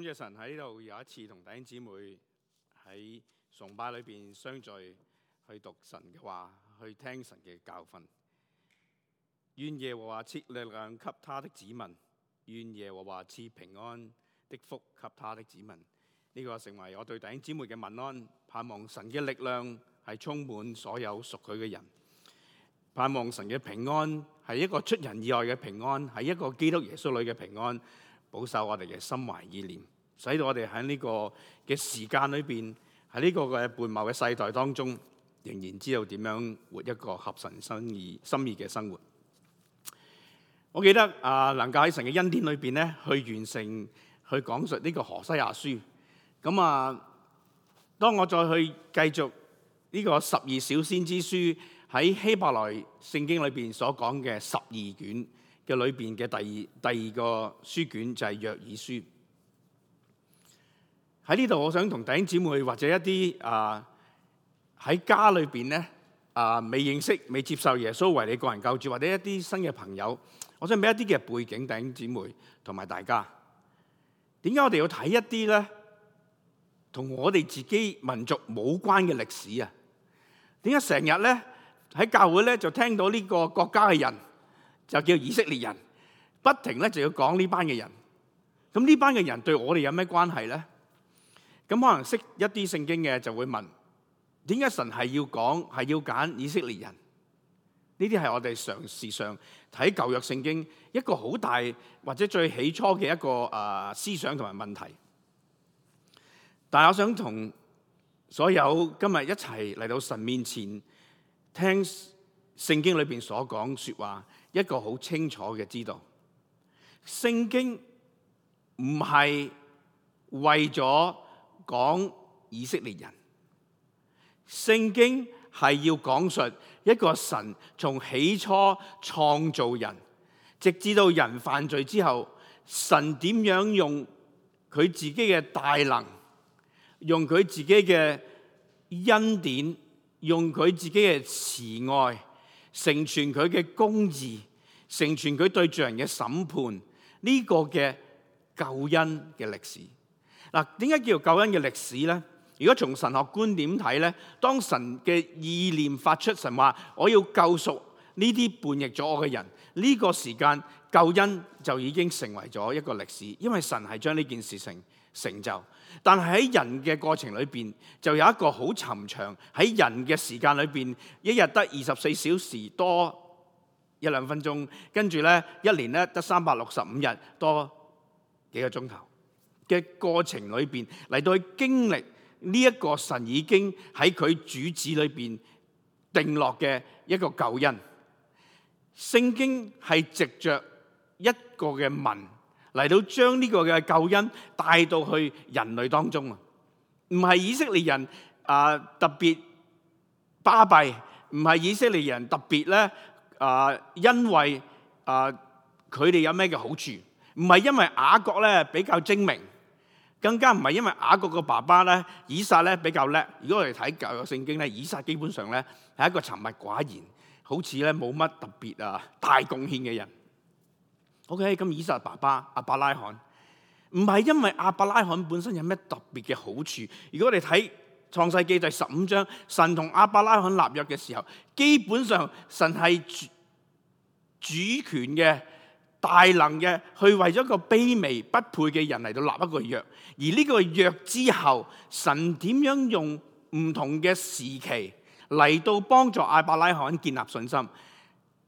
感謝神喺呢度有一次同弟兄姊妹喺崇拜裏邊相聚，去讀神嘅話，去聽神嘅教訓。願耶和華賜力量給他的子民，願耶和華賜平安的福給他的子民。呢、這個成為我對弟兄姊妹嘅問安。盼望神嘅力量係充滿所有屬佢嘅人，盼望神嘅平安係一個出人意外嘅平安，係一個基督耶穌裏嘅平安。保守我哋嘅心懷意念，使到我哋喺呢個嘅時間裏邊，喺呢個嘅悖謬嘅世代當中，仍然知道點樣活一個合神心意、心意嘅生活。我記得啊，能夠喺神嘅恩典裏邊咧，去完成去講述呢個何西亞書。咁啊，當我再去繼續呢個十二小先知書喺希伯來聖經裏邊所講嘅十二卷。嘅裏邊嘅第二，第二個書卷就係約珥書。喺呢度，在我想同弟兄姊妹或者一啲啊喺家裏邊咧啊未認識未接受耶穌為你個人救主，或者一啲新嘅朋友，我想俾一啲嘅背景，弟兄姊妹同埋大家。點解我哋要睇一啲咧同我哋自己民族冇關嘅歷史啊？點解成日咧喺教會咧就聽到呢個國家嘅人？就叫以色列人，不停咧就要講呢班嘅人。咁呢班嘅人對我哋有咩關係咧？咁可能識一啲聖經嘅就會問：點解神係要講，係要揀以色列人？呢啲係我哋常時常睇舊約聖經一個好大或者最起初嘅一個啊、呃、思想同埋問題。但係我想同所有今日一齊嚟到神面前聽。聖經裏邊所講說話一個好清楚嘅知道，聖經唔係為咗講以色列人，聖經係要講述一個神從起初創造人，直至到人犯罪之後，神點樣用佢自己嘅大能，用佢自己嘅恩典，用佢自己嘅慈愛，成全佢嘅公義，成全佢對罪人嘅審判，呢、這個嘅救恩嘅歷史。嗱、啊，點解叫救恩嘅歷史呢？如果從神學觀點睇咧，當神嘅意念發出，神話我要救贖呢啲叛逆咗我嘅人，呢、這個時間救恩就已經成為咗一個歷史，因為神係將呢件事情成，成就。但係喺人嘅過程裏邊就有一個好尋常，喺人嘅時間裏邊一日得二十四小時多一兩分鐘，跟住咧一年咧得三百六十五日多幾個鐘頭嘅過程裏邊，嚟到去經歷呢一個神已經喺佢主旨裏邊定落嘅一個救恩。聖經係藉着一個嘅文，嚟到將呢個嘅救恩帶到去人類當中啊！唔係以色列人啊、呃、特別巴閉，唔係以色列人特別咧啊、呃，因為啊佢哋有咩嘅好處，唔係因為雅各咧比較精明，更加唔係因為雅各嘅爸爸咧以撒咧比較叻。如果我哋睇舊約聖經咧，以撒基本上咧係一個沉默寡言，好似咧冇乜特別啊大貢獻嘅人。OK，咁以撒爸爸阿伯拉罕，唔係因為阿伯拉罕本身有咩特別嘅好處。如果我哋睇創世記第十五章，神同阿伯拉罕立約嘅時候，基本上神係主，主權嘅大能嘅，去為咗一個卑微不配嘅人嚟到立一個約。而呢個約之後，神點樣用唔同嘅時期嚟到幫助阿伯拉罕建立信心？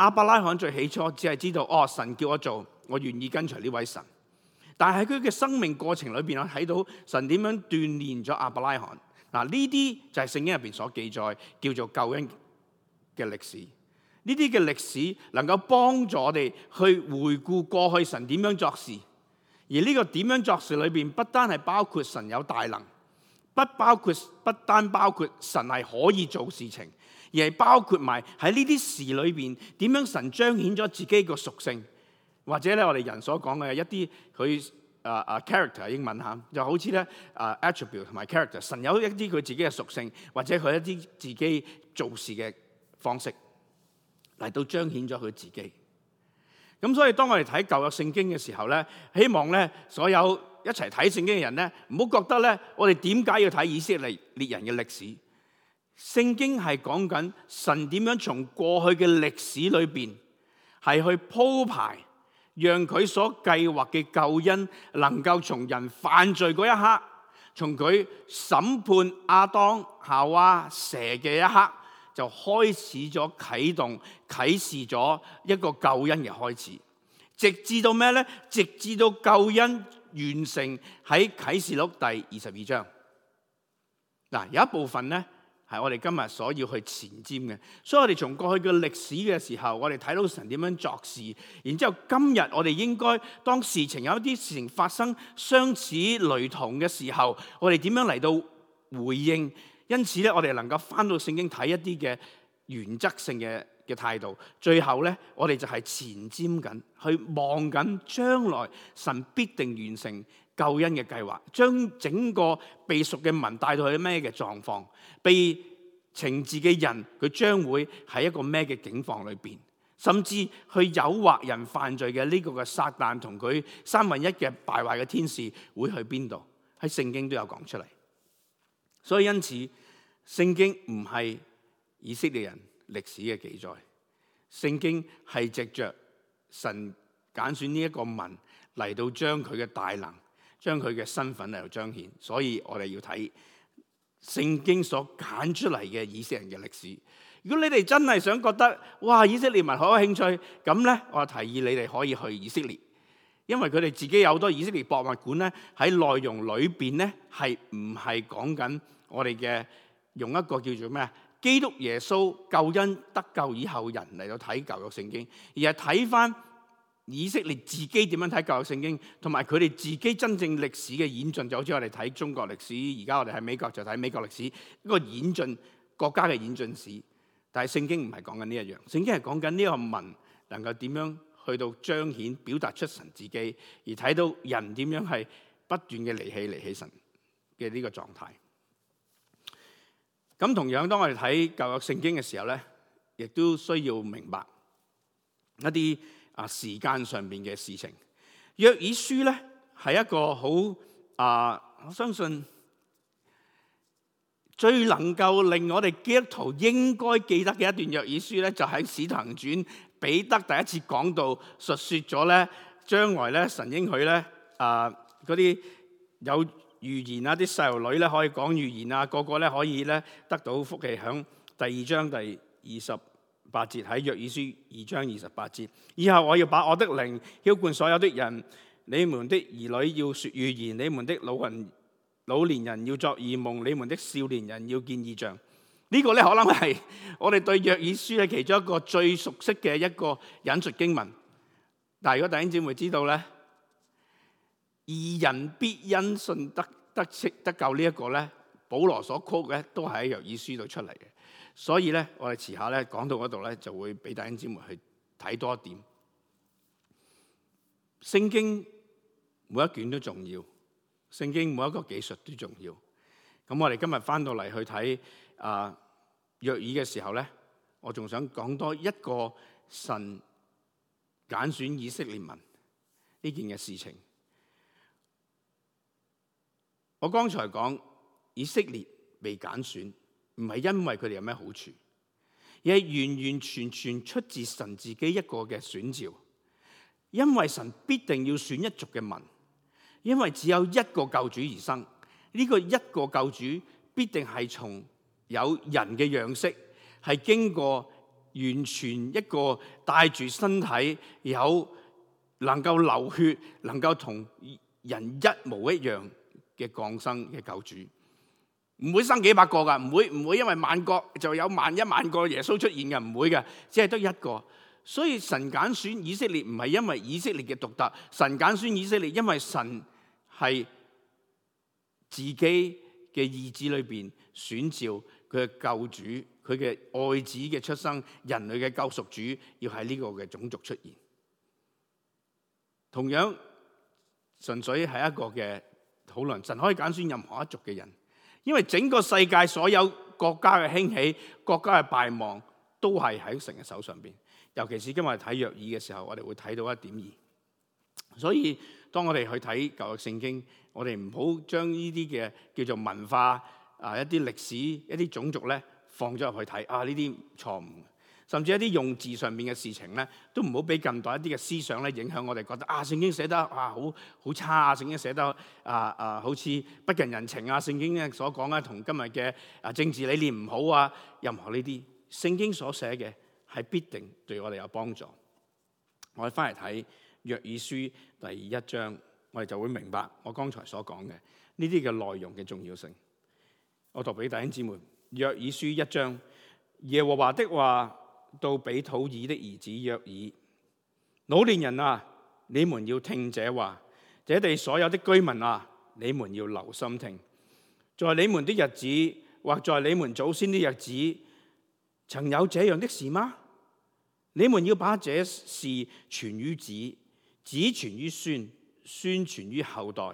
阿亞伯拉罕最起初只係知道，哦，神叫我做，我願意跟隨呢位神。但係喺佢嘅生命過程裏邊，我睇到神點樣鍛煉咗阿亞伯拉罕。嗱、啊，呢啲就係聖經入邊所記載，叫做救恩嘅歷史。呢啲嘅歷史能夠幫助我哋去回顧過去神點樣作事。而呢個點樣作事裏邊，不單係包括神有大能，不包括不單包括神係可以做事情。而係包括埋喺呢啲事裏邊，點樣神彰顯咗自己個屬性，或者咧我哋人所講嘅一啲佢啊啊 character 英文吓，就好似咧啊 attribute 同埋 character，神有一啲佢自己嘅屬性，或者佢一啲自己做事嘅方式嚟到彰顯咗佢自己。咁所以當我哋睇舊約聖經嘅時候咧，希望咧所有一齊睇聖經嘅人咧，唔好覺得咧，我哋點解要睇以色列列人嘅歷史？聖經係講緊神點樣從過去嘅歷史裏邊係去鋪排，讓佢所計劃嘅救恩能夠從人犯罪嗰一刻，從佢審判阿當、夏娃、蛇嘅一刻，就開始咗啟動、啟示咗一個救恩嘅開始，直至到咩呢？直至到救恩完成喺啟示錄第二十二章。嗱，有一部分呢。係我哋今日所要去前瞻嘅，所以我哋從過去嘅歷史嘅時候，我哋睇到神點樣作事，然之後今日我哋應該當事情有一啲事情發生相似雷同嘅時候，我哋點樣嚟到回應？因此咧，我哋能夠翻到聖經睇一啲嘅原則性嘅嘅態度，最後咧，我哋就係前瞻緊，去望緊將來神必定完成。救恩嘅計劃，將整個被贖嘅民帶到去咩嘅狀況？被懲治嘅人佢將會喺一個咩嘅境況裏邊，甚至去誘惑人犯罪嘅呢個嘅撒旦同佢三分一嘅敗壞嘅天使會去邊度？喺聖經都有講出嚟，所以因此聖經唔係以色列人歷史嘅記載，聖經係藉着神揀選呢一個民嚟到將佢嘅大能。將佢嘅身份嚟到彰顯，所以我哋要睇聖經所揀出嚟嘅以色列人嘅歷史。如果你哋真係想覺得，哇，以色列民好有興趣，咁咧我就提議你哋可以去以色列，因為佢哋自己有好多以色列博物館咧，喺內容裏邊咧係唔係講緊我哋嘅用一個叫做咩啊？基督耶穌救恩得救以後人嚟到睇舊約聖經，而係睇翻。以色列自己點樣睇舊約聖經，同埋佢哋自己真正歷史嘅演進就好似我哋睇中國歷史。而家我哋喺美國就睇美國歷史。一個演進國家嘅演進史，但係聖經唔係講緊呢一樣。聖經係講緊呢個民能夠點樣去到彰顯表達出神自己，而睇到人點樣係不斷嘅離棄離棄神嘅呢個狀態。咁同樣當我哋睇舊約聖經嘅時候咧，亦都需要明白一啲。啊，時間上面嘅事情。約珥書咧係一個好啊、呃，我相信最能夠令我哋基督徒應該記得嘅一段約珥書咧，就喺、是、使徒行傳彼得第一次講道述說咗咧，將來咧神應許咧啊啲有預言啊，啲細路女咧可以講預言啊，個個咧可以咧得到福氣響第二章第二十。八節，喺約珥書二章二十八節，以後我要把我的靈澆灌所有的人，你們的兒女要說預言，你們的老人、老年人要作異夢，你們的少年人要見異象。呢、這個呢，可能係我哋對約珥書嘅其中一個最熟悉嘅一個引述經文。但如果弟兄姊妹知道呢？「二人必因信得得得救呢一個呢，保羅所 quote 嘅都係喺約珥書度出嚟嘅。所以咧，我哋遲下咧講到嗰度咧，就會俾弟兄姊妹去睇多一點。聖經每一卷都重要，聖經每一個技術都重要。咁我哋今日翻到嚟去睇啊約珥嘅時候咧，我仲想講多一個神揀選以色列民呢件嘅事情。我剛才講以色列被揀選。唔係因為佢哋有咩好處，而係完完全全出自神自己一個嘅選召。因為神必定要選一族嘅民，因為只有一個救主而生。呢個一個救主必定係從有人嘅樣式，係經過完全一個帶住身體，有能夠流血，能夠同人一模一樣嘅降生嘅救主。唔會生幾百個噶唔會唔會，因為萬國就有萬一萬個耶穌出現嘅，唔會嘅，只係得一個。所以神揀選以色列唔係因為以色列嘅獨特，神揀選以色列，因為神係自己嘅意志裏邊選召佢嘅救主，佢嘅愛子嘅出生，人類嘅救贖主要係呢個嘅種族出現。同樣，純粹係一個嘅討論，神可以揀選任何一族嘅人。因為整個世界所有國家嘅興起、國家嘅敗亡，都係喺神嘅手上邊。尤其是今日睇約珥嘅時候，我哋會睇到一點二。所以當我哋去睇舊約聖經，我哋唔好將呢啲嘅叫做文化啊，一啲歷史，一啲種族咧，放咗入去睇啊，呢啲錯誤。甚至一啲用字上面嘅事情咧，都唔好俾近代一啲嘅思想咧影響我哋，覺得啊聖經寫得啊好好差啊！聖經寫得，經寫得啊啊好似不近人，人情啊！聖經咧所講啊同今日嘅啊政治理念唔好啊，任何呢啲聖經所寫嘅係必定對我哋有幫助。我哋翻嚟睇約珥書第一章，我哋就會明白我剛才所講嘅呢啲嘅內容嘅重要性。我讀俾弟兄姊妹，約珥書一章，耶和華的話。到毗土珥的兒子約珥，老年人啊，你們要聽這話，這地所有的居民啊，你們要留心聽，在你們的日子或在你們祖先的日子，曾有這樣的事嗎？你們要把這事傳於子，子傳於孫，孫傳於後代。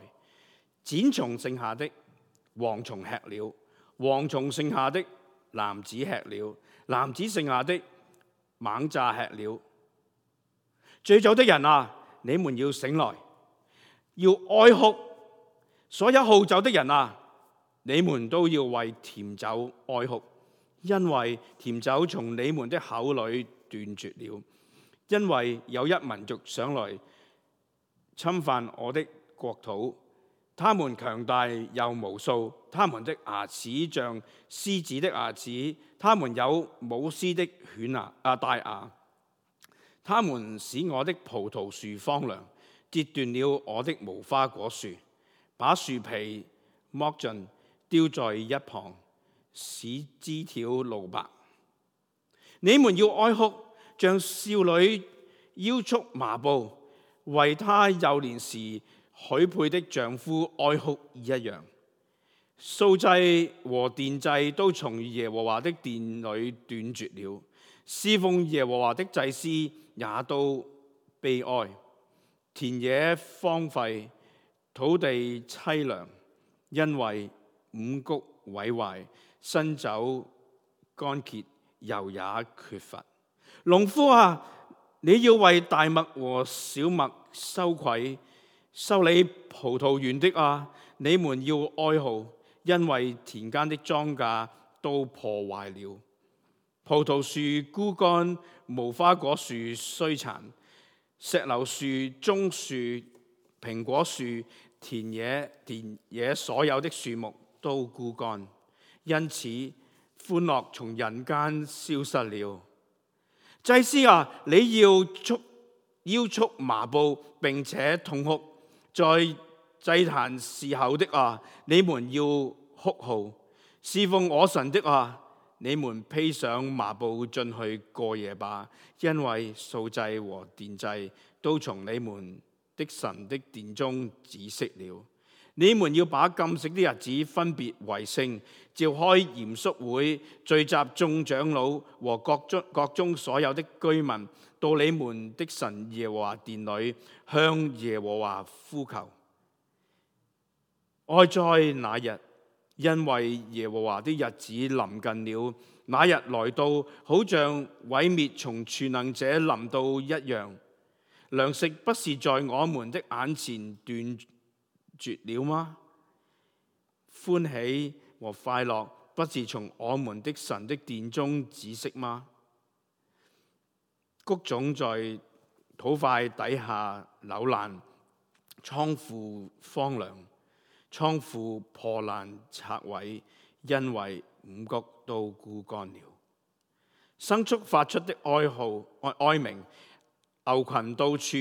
剪蟲剩下的蝗蟲吃了，蝗蟲剩下的蝻子吃了，蝻子剩下的。猛炸吃了！醉酒的人啊，你們要醒來，要哀哭；所有好酒的人啊，你們都要為甜酒哀哭，因為甜酒從你們的口裏斷絕了。因為有一民族上來侵犯我的國土，他們強大又無數，他們的牙齒像獅子的牙齒。他們有母獅的犬牙，阿、啊、大牙，他們使我的葡萄樹荒涼，截斷了我的無花果樹，把樹皮剝盡，丟在一旁，使枝條露白。你們要哀哭，像少女腰束麻布，為她幼年時許配的丈夫哀哭一樣。素祭和奠祭都從耶和華的殿裏斷絕了，侍奉耶和華的祭司也都悲哀，田野荒廢，土地淒涼，因為五穀毀壞，新酒乾竭，油也缺乏。農夫啊，你要為大麥和小麥羞愧，修理葡萄園的啊，你們要哀號。因為田間的莊稼都破壞了，葡萄樹枯乾，無花果樹衰殘，石榴樹、棕樹、蘋果樹、田野、田野所有的樹木都枯乾，因此歡樂從人間消失了。祭司啊，你要束腰束麻布，並且痛哭，在祭壇侍候的啊，你們要哭號；侍奉我神的啊，你們披上麻布進去過夜吧，因為素祭和奠祭都從你們的神的殿中止息了。你們要把禁食的日子分別為聖，召開嚴肅會，聚集眾長老和各中各中所有的居民到你們的神耶和華殿裏，向耶和華呼求。哀哉！那日，因為耶和華的日子臨近了，那日來到，好像毀滅從全能者臨到一樣。糧食不是在我們的眼前斷絕了嗎？歡喜和快樂不是從我們的神的殿中止息嗎？穀種在土塊底下扭爛，倉庫荒涼。倉庫破爛拆毀，因為五穀都枯乾了。牲畜發出的哀號哀哀鳴，牛群到處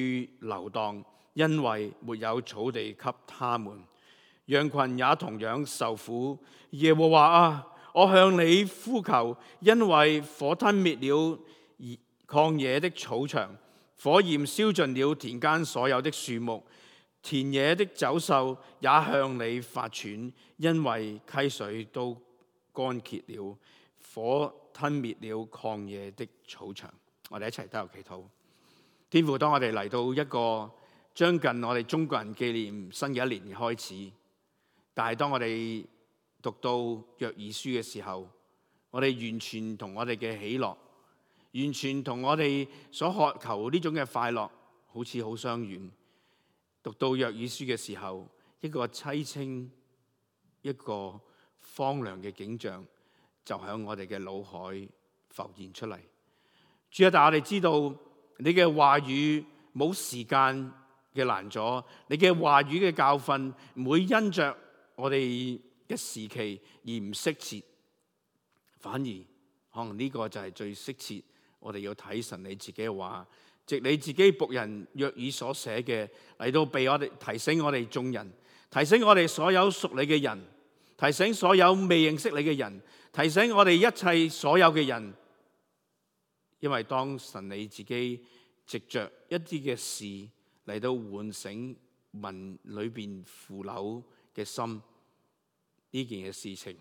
流蕩，因為沒有草地給他們。羊群也同樣受苦。耶和華啊，我向你呼求，因為火吞滅了曠野的草場，火焰燒盡了田間所有的樹木。田野的走獸也向你發喘，因為溪水都乾竭了，火吞滅了曠野的草場。我哋一齊踏入祈禱。天父，當我哋嚟到一個將近我哋中國人紀念新嘅一年開始，但係當我哋讀到約珥書嘅時候，我哋完全同我哋嘅喜樂，完全同我哋所渴求呢種嘅快樂，好似好相遠。讀到約珥書嘅時候，一個淒清、一個荒涼嘅景象就響我哋嘅腦海浮現出嚟。主啊，但係我哋知道你嘅話語冇時間嘅難阻，你嘅話語嘅教訓唔會因着我哋嘅時期而唔適切，反而可能呢個就係最適切。我哋要睇神你自己嘅話。藉你自己僕人約珥所寫嘅嚟到，俾我哋提醒我哋眾人，提醒我哋所有屬你嘅人，提醒所有未認識你嘅人，提醒我哋一切所有嘅人。因為當神你自己藉着一啲嘅事嚟到喚醒民裏邊腐朽嘅心，呢件嘅事情，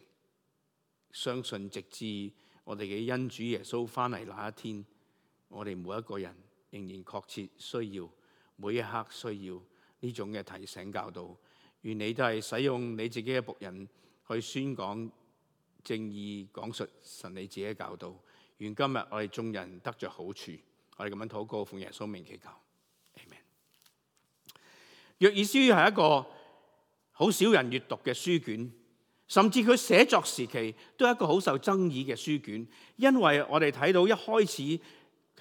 相信直至我哋嘅恩主耶穌翻嚟那一天，我哋每一個人。仍然確切需要每一刻需要呢種嘅提醒教導，願你都係使用你自己嘅僕人去宣講正義，講述神你自己嘅教導。願今日我哋眾人得着好處，我哋咁樣禱告奉耶穌名祈求、Amen。約珥書係一個好少人閱讀嘅書卷，甚至佢寫作時期都係一個好受爭議嘅書卷，因為我哋睇到一開始。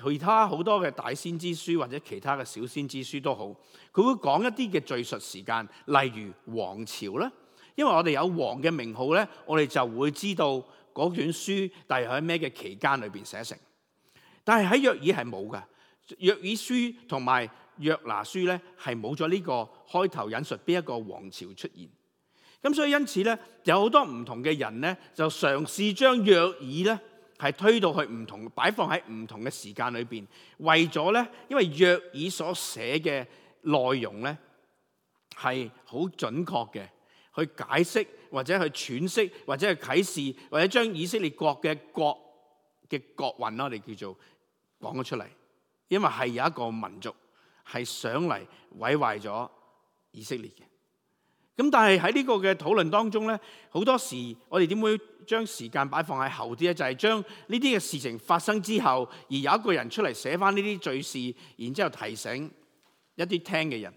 其他好多嘅大先知書或者其他嘅小先知書都好，佢會講一啲嘅敍述時間，例如王朝咧，因為我哋有王嘅名號咧，我哋就會知道嗰卷書係喺咩嘅期間裏邊寫成。但係喺約珥係冇㗎，約珥書同埋約拿書咧係冇咗呢個開頭引述邊一個王朝出現。咁所以因此咧，有好多唔同嘅人咧就嘗試將約珥咧。係推到去唔同，擺放喺唔同嘅時間裏邊，為咗咧，因為約珥所寫嘅內容咧係好準確嘅，去解釋或者去詮釋或者去啟示，或者將以色列國嘅國嘅國運啦，我哋叫做講咗出嚟，因為係有一個民族係上嚟毀壞咗以色列嘅。咁但係喺呢個嘅討論當中呢，好多時我哋點會將時間擺放喺後啲呢？就係、是、將呢啲嘅事情發生之後，而有一個人出嚟寫翻呢啲敘事，然之後提醒一啲聽嘅人。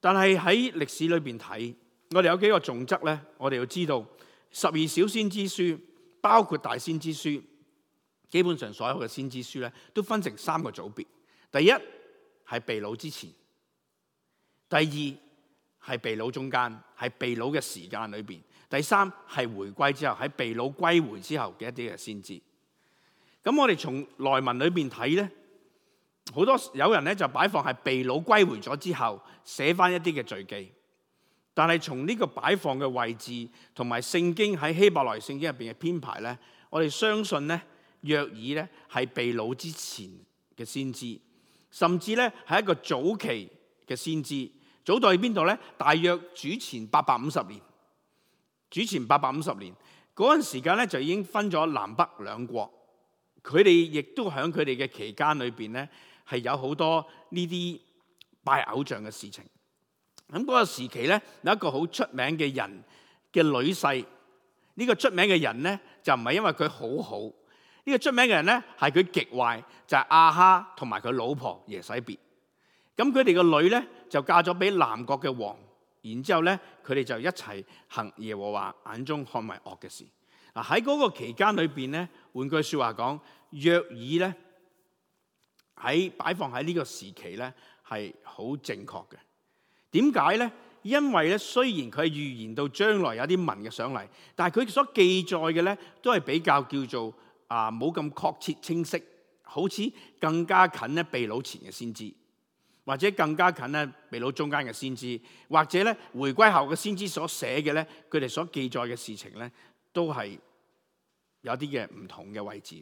但係喺歷史裏邊睇，我哋有幾個準則呢：我哋要知道十二小先知書包括大先知書，基本上所有嘅先知書呢，都分成三個組別。第一係被擄之前，第二。係被擄中間，係被擄嘅時間裏邊。第三係回歸之後，喺被擄歸回之後嘅一啲嘅先知。咁我哋從內文裏邊睇咧，好多有人咧就擺放係被擄歸回咗之後寫翻一啲嘅序記。但係從呢個擺放嘅位置同埋聖經喺希伯來聖經入邊嘅編排咧，我哋相信咧，約珥咧係被擄之前嘅先知，甚至咧係一個早期嘅先知。祖代喺邊度咧？大約主前八百五十年，主前八百五十年嗰陣時間咧就已經分咗南北兩國。佢哋亦都喺佢哋嘅期間裏邊咧，係有好多呢啲拜偶像嘅事情。咁嗰個時期咧，有一個好出名嘅人嘅女婿。呢個出名嘅人咧，就唔係因為佢好好。呢個出名嘅人咧，係佢極壞，就係亞哈同埋佢老婆耶洗別。咁佢哋嘅女咧就嫁咗俾南國嘅王，然之後咧佢哋就一齊行耶和華眼中看為惡嘅事。嗱，喺嗰個期間裏面咧，換句說話講，約珥咧喺擺放喺呢個時期咧係好正確嘅。點解咧？因為咧雖然佢係預言到將來有啲文嘅上嚟，但係佢所記載嘅咧都係比較叫做啊冇咁確切清晰，好似更加近咧秘魯前嘅先知。或者更加近咧，被擄中間嘅先知，或者咧，回歸後嘅先知所寫嘅咧，佢哋所記載嘅事情咧，都係有啲嘅唔同嘅位置。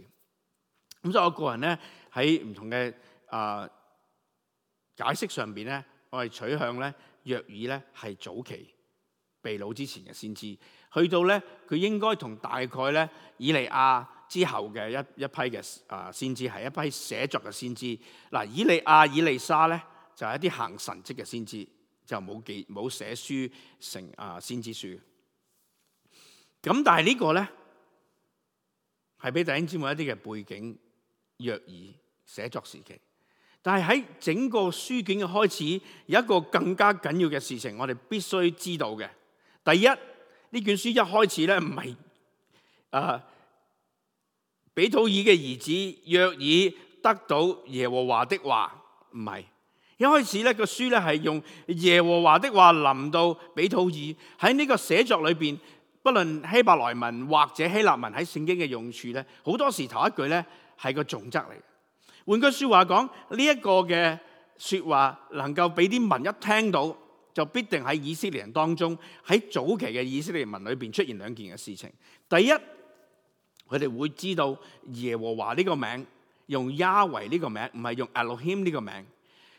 咁所以我個人咧喺唔同嘅啊解釋上邊咧，我係取向咧，約珥咧係早期被擄之前嘅先知，去到咧佢應該同大概咧以利亞之後嘅一一批嘅啊先知係一批寫作嘅先知。嗱，以利亞、以利沙咧。就係、是、一啲行神蹟嘅先知，就冇記冇寫書成啊先知書。咁但係呢個咧，係俾弟兄姊妹一啲嘅背景約珥寫作時期。但係喺整個書卷嘅開始，有一個更加緊要嘅事情，我哋必須知道嘅。第一，呢卷書一開始咧唔係啊，毗土珥嘅兒子約珥得到耶和華的話，唔係。一開始咧個書咧係用耶和華的話臨到比土爾喺呢個寫作裏邊，不論希伯來文或者希臘文喺聖經嘅用處咧，好多時頭一句咧係個重則嚟。換句說話講，呢一個嘅說話能夠俾啲民一聽到，就必定喺以色列人當中喺早期嘅以色列民裏邊出現兩件嘅事情。第一，佢哋會知道耶和華呢個名，用亞維呢個名，唔係用阿路謙呢個名。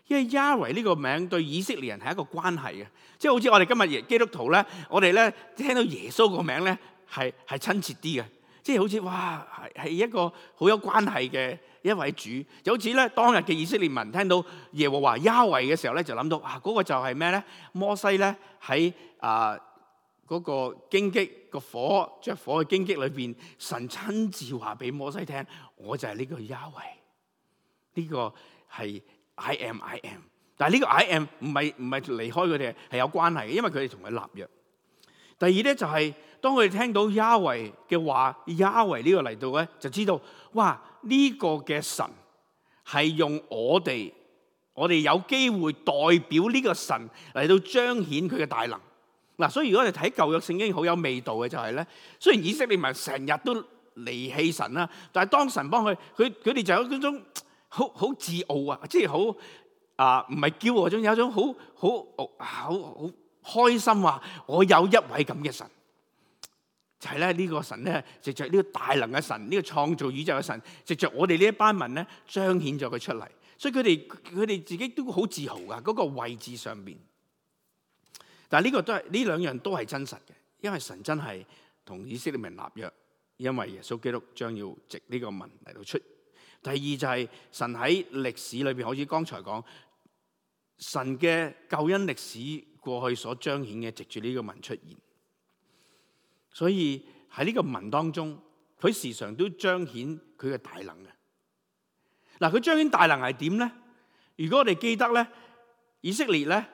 因為雅威呢個名對以色列人係一個關係嘅，即係好似我哋今日耶基督徒咧，我哋咧聽到耶穌個名咧係係親切啲嘅，即係好似哇係一個好有關係嘅一位主，就好似咧當日嘅以色列民聽到耶和華雅威嘅時候咧就諗到啊嗰個就係咩咧？摩西咧喺啊嗰個荊棘個火着火嘅荊棘裏邊，神親自話俾摩西聽，我就係呢個雅威，呢個係。I am, I am。但係呢個 I am 唔係唔係離開佢哋，係有關係嘅，因為佢哋同佢立約。第二咧就係、是，當佢哋聽到亞維嘅話，亞維呢個嚟到咧，就知道哇，呢、這個嘅神係用我哋，我哋有機會代表呢個神嚟到彰顯佢嘅大能。嗱，所以如果你睇舊約聖經好有味道嘅就係、是、咧，雖然以色列民成日都離棄神啦，但係當神幫佢，佢佢哋就有嗰種。好好自傲啊！即係好啊，唔係驕傲，仲有一種好好好好開心話我有一位咁嘅神，就係咧呢個神咧，藉着呢個大能嘅神，呢、這個創造宇宙嘅神，藉着我哋呢一班民咧，彰顯咗佢出嚟。所以佢哋佢哋自己都好自豪噶，嗰、那個位置上邊。但係呢個都係呢兩樣都係真實嘅，因為神真係同以色列民立約，因為耶穌基督將要藉呢個民嚟到出。第二就係神喺歷史裏邊，好似剛才講，神嘅救恩歷史過去所彰顯嘅，藉住呢個文出現。所以喺呢個文當中，佢時常都彰顯佢嘅大能嘅。嗱，佢彰顯大能係點咧？如果我哋記得咧，以色列咧，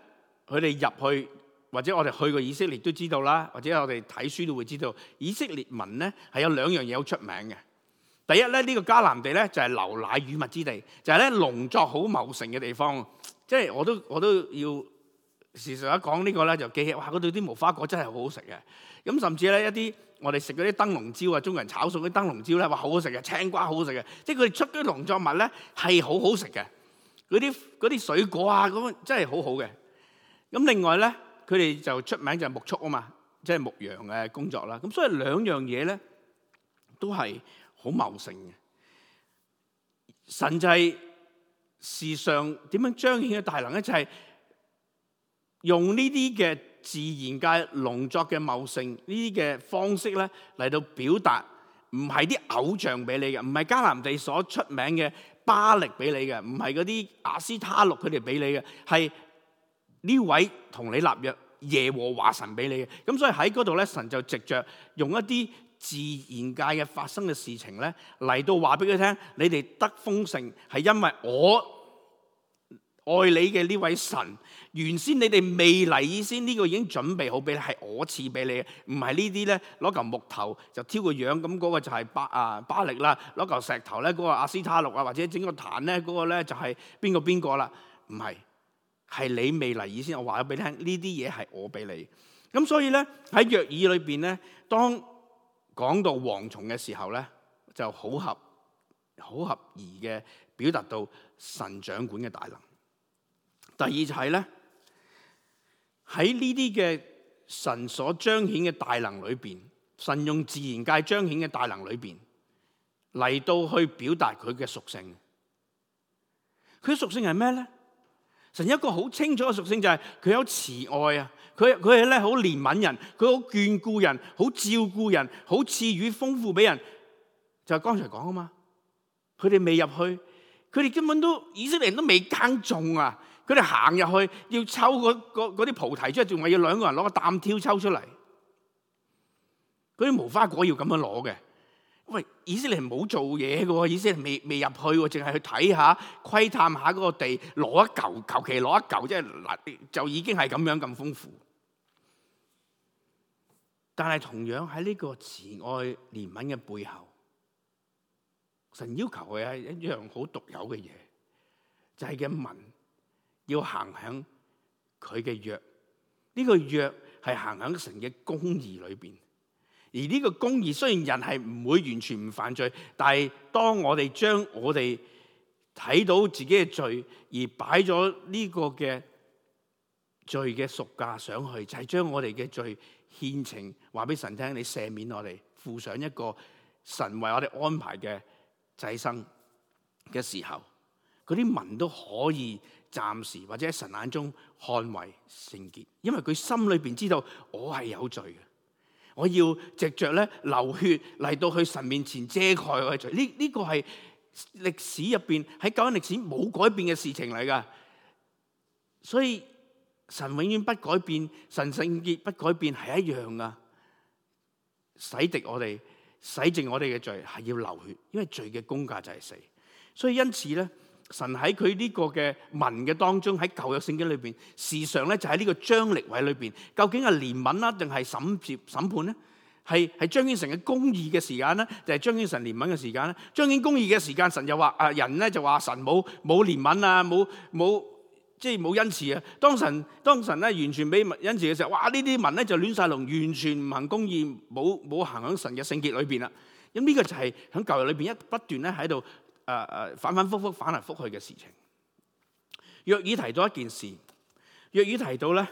佢哋入去或者我哋去過以色列都知道啦，或者我哋睇書都會知道，以色列文咧係有兩樣嘢好出名嘅。第一咧，呢個迦南地咧就係牛奶與蜜之地，就係咧農作好茂盛嘅地方。即係我都我都要事實一講呢個咧，就記起哇！嗰度啲無花果真係好好食嘅。咁甚至咧一啲我哋食嗰啲燈籠椒啊，中國人炒熟啲燈籠椒咧，話好好食嘅青瓜好好食嘅。即係佢哋出啲農作物咧係好好食嘅，嗰啲嗰啲水果啊，嗰真係好好嘅。咁另外咧，佢哋就出名就係牧畜啊嘛，即係牧羊嘅工作啦。咁所以兩樣嘢咧都係。好茂盛嘅，神就係時常點樣彰顯嘅大能咧，就係用呢啲嘅自然界、農作嘅茂盛呢啲嘅方式咧嚟到表達，唔係啲偶像俾你嘅，唔係迦南地所出名嘅巴力俾你嘅，唔係嗰啲亞斯他錄佢哋俾你嘅，係呢位同你立約耶和華神俾你嘅，咁所以喺嗰度咧，神就藉着用一啲。自然界嘅發生嘅事情咧，嚟到話俾佢聽，你哋得豐盛係因為我愛你嘅呢位神。原先你哋未嚟以先，呢個已經準備好俾你係我賜俾你嘅，唔係呢啲咧攞嚿木頭就挑個樣咁，嗰個就係巴啊巴力啦，攞嚿石頭咧，嗰個亞斯他錄啊，或者整個壇咧，嗰個咧就係邊個邊個啦？唔係，係你未嚟以先，我話咗俾你聽，呢啲嘢係我俾你。咁所以咧喺約珥裏邊咧，當講到蝗蟲嘅時候咧，就好合好合宜嘅表達到神掌管嘅大能。第二就係、是、咧，喺呢啲嘅神所彰顯嘅大能裏邊，神用自然界彰顯嘅大能裏邊嚟到去表達佢嘅屬性。佢屬性係咩咧？神一個好清楚嘅屬性就係、是、佢有慈愛啊！佢佢係好憐憫人，佢好眷顧人，好照顧人，好賜予豐富俾人。就係、是、剛才講啊嘛，佢哋未入去，佢哋根本都以色列人都未耕種啊，佢哋行入去要抽嗰嗰啲菩提出嚟，仲要兩個人攞個擔挑抽出嚟，嗰啲無花果要噉樣攞嘅。喂，以色列冇做嘢嘅喎，以色列未未入去，淨係去睇下、窺探下嗰個地，攞一嚿求其攞一嚿，即係嗱就已經係咁樣咁豐富。但係同樣喺呢個慈愛憐憫嘅背後，神要求佢係一樣好獨有嘅嘢，就係、是、嘅民要向的，要行響佢嘅約，呢個約係行響神嘅公義裏邊。而呢個公義，雖然人係唔會完全唔犯罪，但係當我哋將我哋睇到自己嘅罪，而擺咗呢個嘅罪嘅贖價上去，就係、是、將我哋嘅罪獻呈話俾神聽，你赦免我哋，付上一個神為我哋安排嘅祭牲嘅時候，嗰啲民都可以暫時或者喺神眼中看為聖潔，因為佢心裏邊知道我係有罪嘅。我要藉著咧流血嚟到去神面前遮蓋我嘅罪，呢呢、這個係歷史入邊喺舊約歷史冇改變嘅事情嚟噶。所以神永遠不改變，神聖潔不改變係一樣噶。洗滌我哋、洗淨我哋嘅罪係要流血，因為罪嘅工價就係死。所以因此咧。神喺佢呢個嘅民嘅當中，喺舊約聖經裏邊，事實上咧就喺呢個張力位裏邊，究竟係憐憫啦，定係審判審判咧？係係彰顯神嘅公義嘅時間咧，定係彰顯神憐憫嘅時間咧？彰顯公義嘅時間，神就話啊，人咧就話神冇冇憐憫啊，冇冇即係冇恩慈啊。當神當神咧完全俾恩慈嘅時候，哇，呢啲民咧就亂晒龍，完全唔行公義，冇冇行響神嘅聖潔裏邊啦。咁呢個就係響舊約裏邊一不斷咧喺度，誒誒反反覆覆反來覆去嘅事情。約珥提到一件事，約珥提到咧，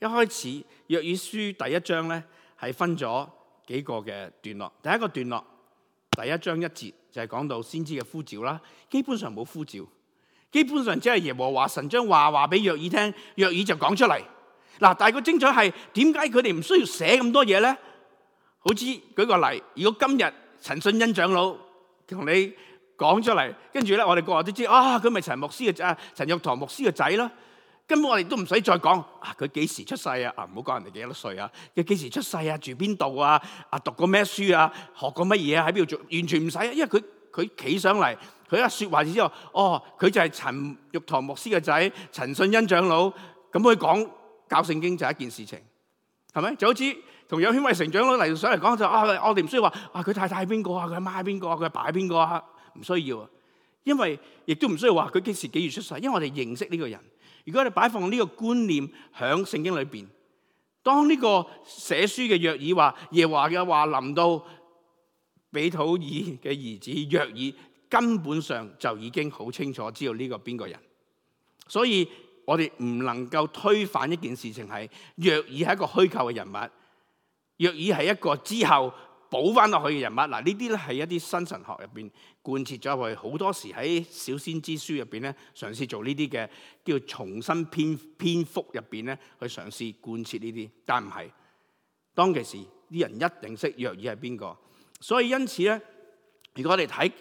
一開始約珥書第一章咧係分咗幾個嘅段落。第一個段落第一章一節就係、是、講到先知嘅呼召啦，基本上冇呼召，基本上只係耶和華神將話話俾約珥聽，約珥就講出嚟。嗱，但係個精彩係點解佢哋唔需要寫咁多嘢咧？好似舉個例，如果今日陳信恩長老同你講出嚟，跟住咧，我哋個個都知啊。佢咪陳牧師嘅仔，陳玉堂牧師嘅仔咯。根本我哋都唔使再講啊。佢幾時出世啊？啊，唔好講人哋幾多歲啊。佢幾時出世啊？住邊度啊？啊，讀過咩書啊？學過乜嘢啊？喺邊度做？完全唔使，因為佢佢企上嚟，佢一説話之後，哦、啊，佢就係陳玉堂牧師嘅仔，陳信恩長老。咁佢講教聖經就係一件事情，係咪？就好似同有啲咩成長老嚟上嚟講就啊，我哋唔需要話啊，佢太太邊個啊？佢媽邊個啊？佢爸邊個啊？唔需要啊，因為亦都唔需要話佢幾時幾月出世，因為我哋認識呢個人。如果我哋擺放呢個觀念響聖經裏邊，當呢個寫書嘅約珥話耶華嘅話臨到毗土珥嘅兒子約珥，根本上就已經好清楚知道呢個邊個人。所以我哋唔能夠推翻一件事情係約珥係一個虛構嘅人物，約珥係一個之後。補翻落去嘅人物，嗱呢啲咧係一啲新神學入邊貫徹咗去，好多時喺小先知書入邊咧嘗試做呢啲嘅，叫重新編編復入邊咧去嘗試貫徹呢啲，但唔係，當其時啲人一定識約珥係邊個，所以因此咧，如果我哋睇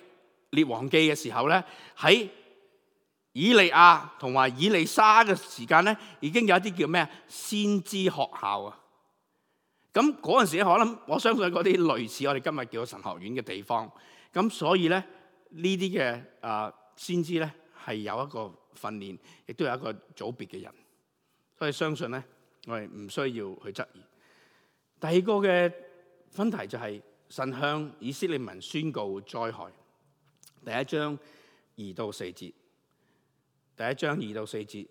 列王記嘅時候咧，喺以利亞同埋以利沙嘅時間咧，已經有一啲叫咩啊？先知學校啊！咁嗰陣時可能我相信嗰啲類似我哋今日叫神學院嘅地方，咁所以咧呢啲嘅啊先知咧係有一個訓練，亦都有一個組別嘅人，所以相信咧我哋唔需要去質疑。第二個嘅分題就係神向以色列民宣告災害，第一章二到四節，第一章二到四節，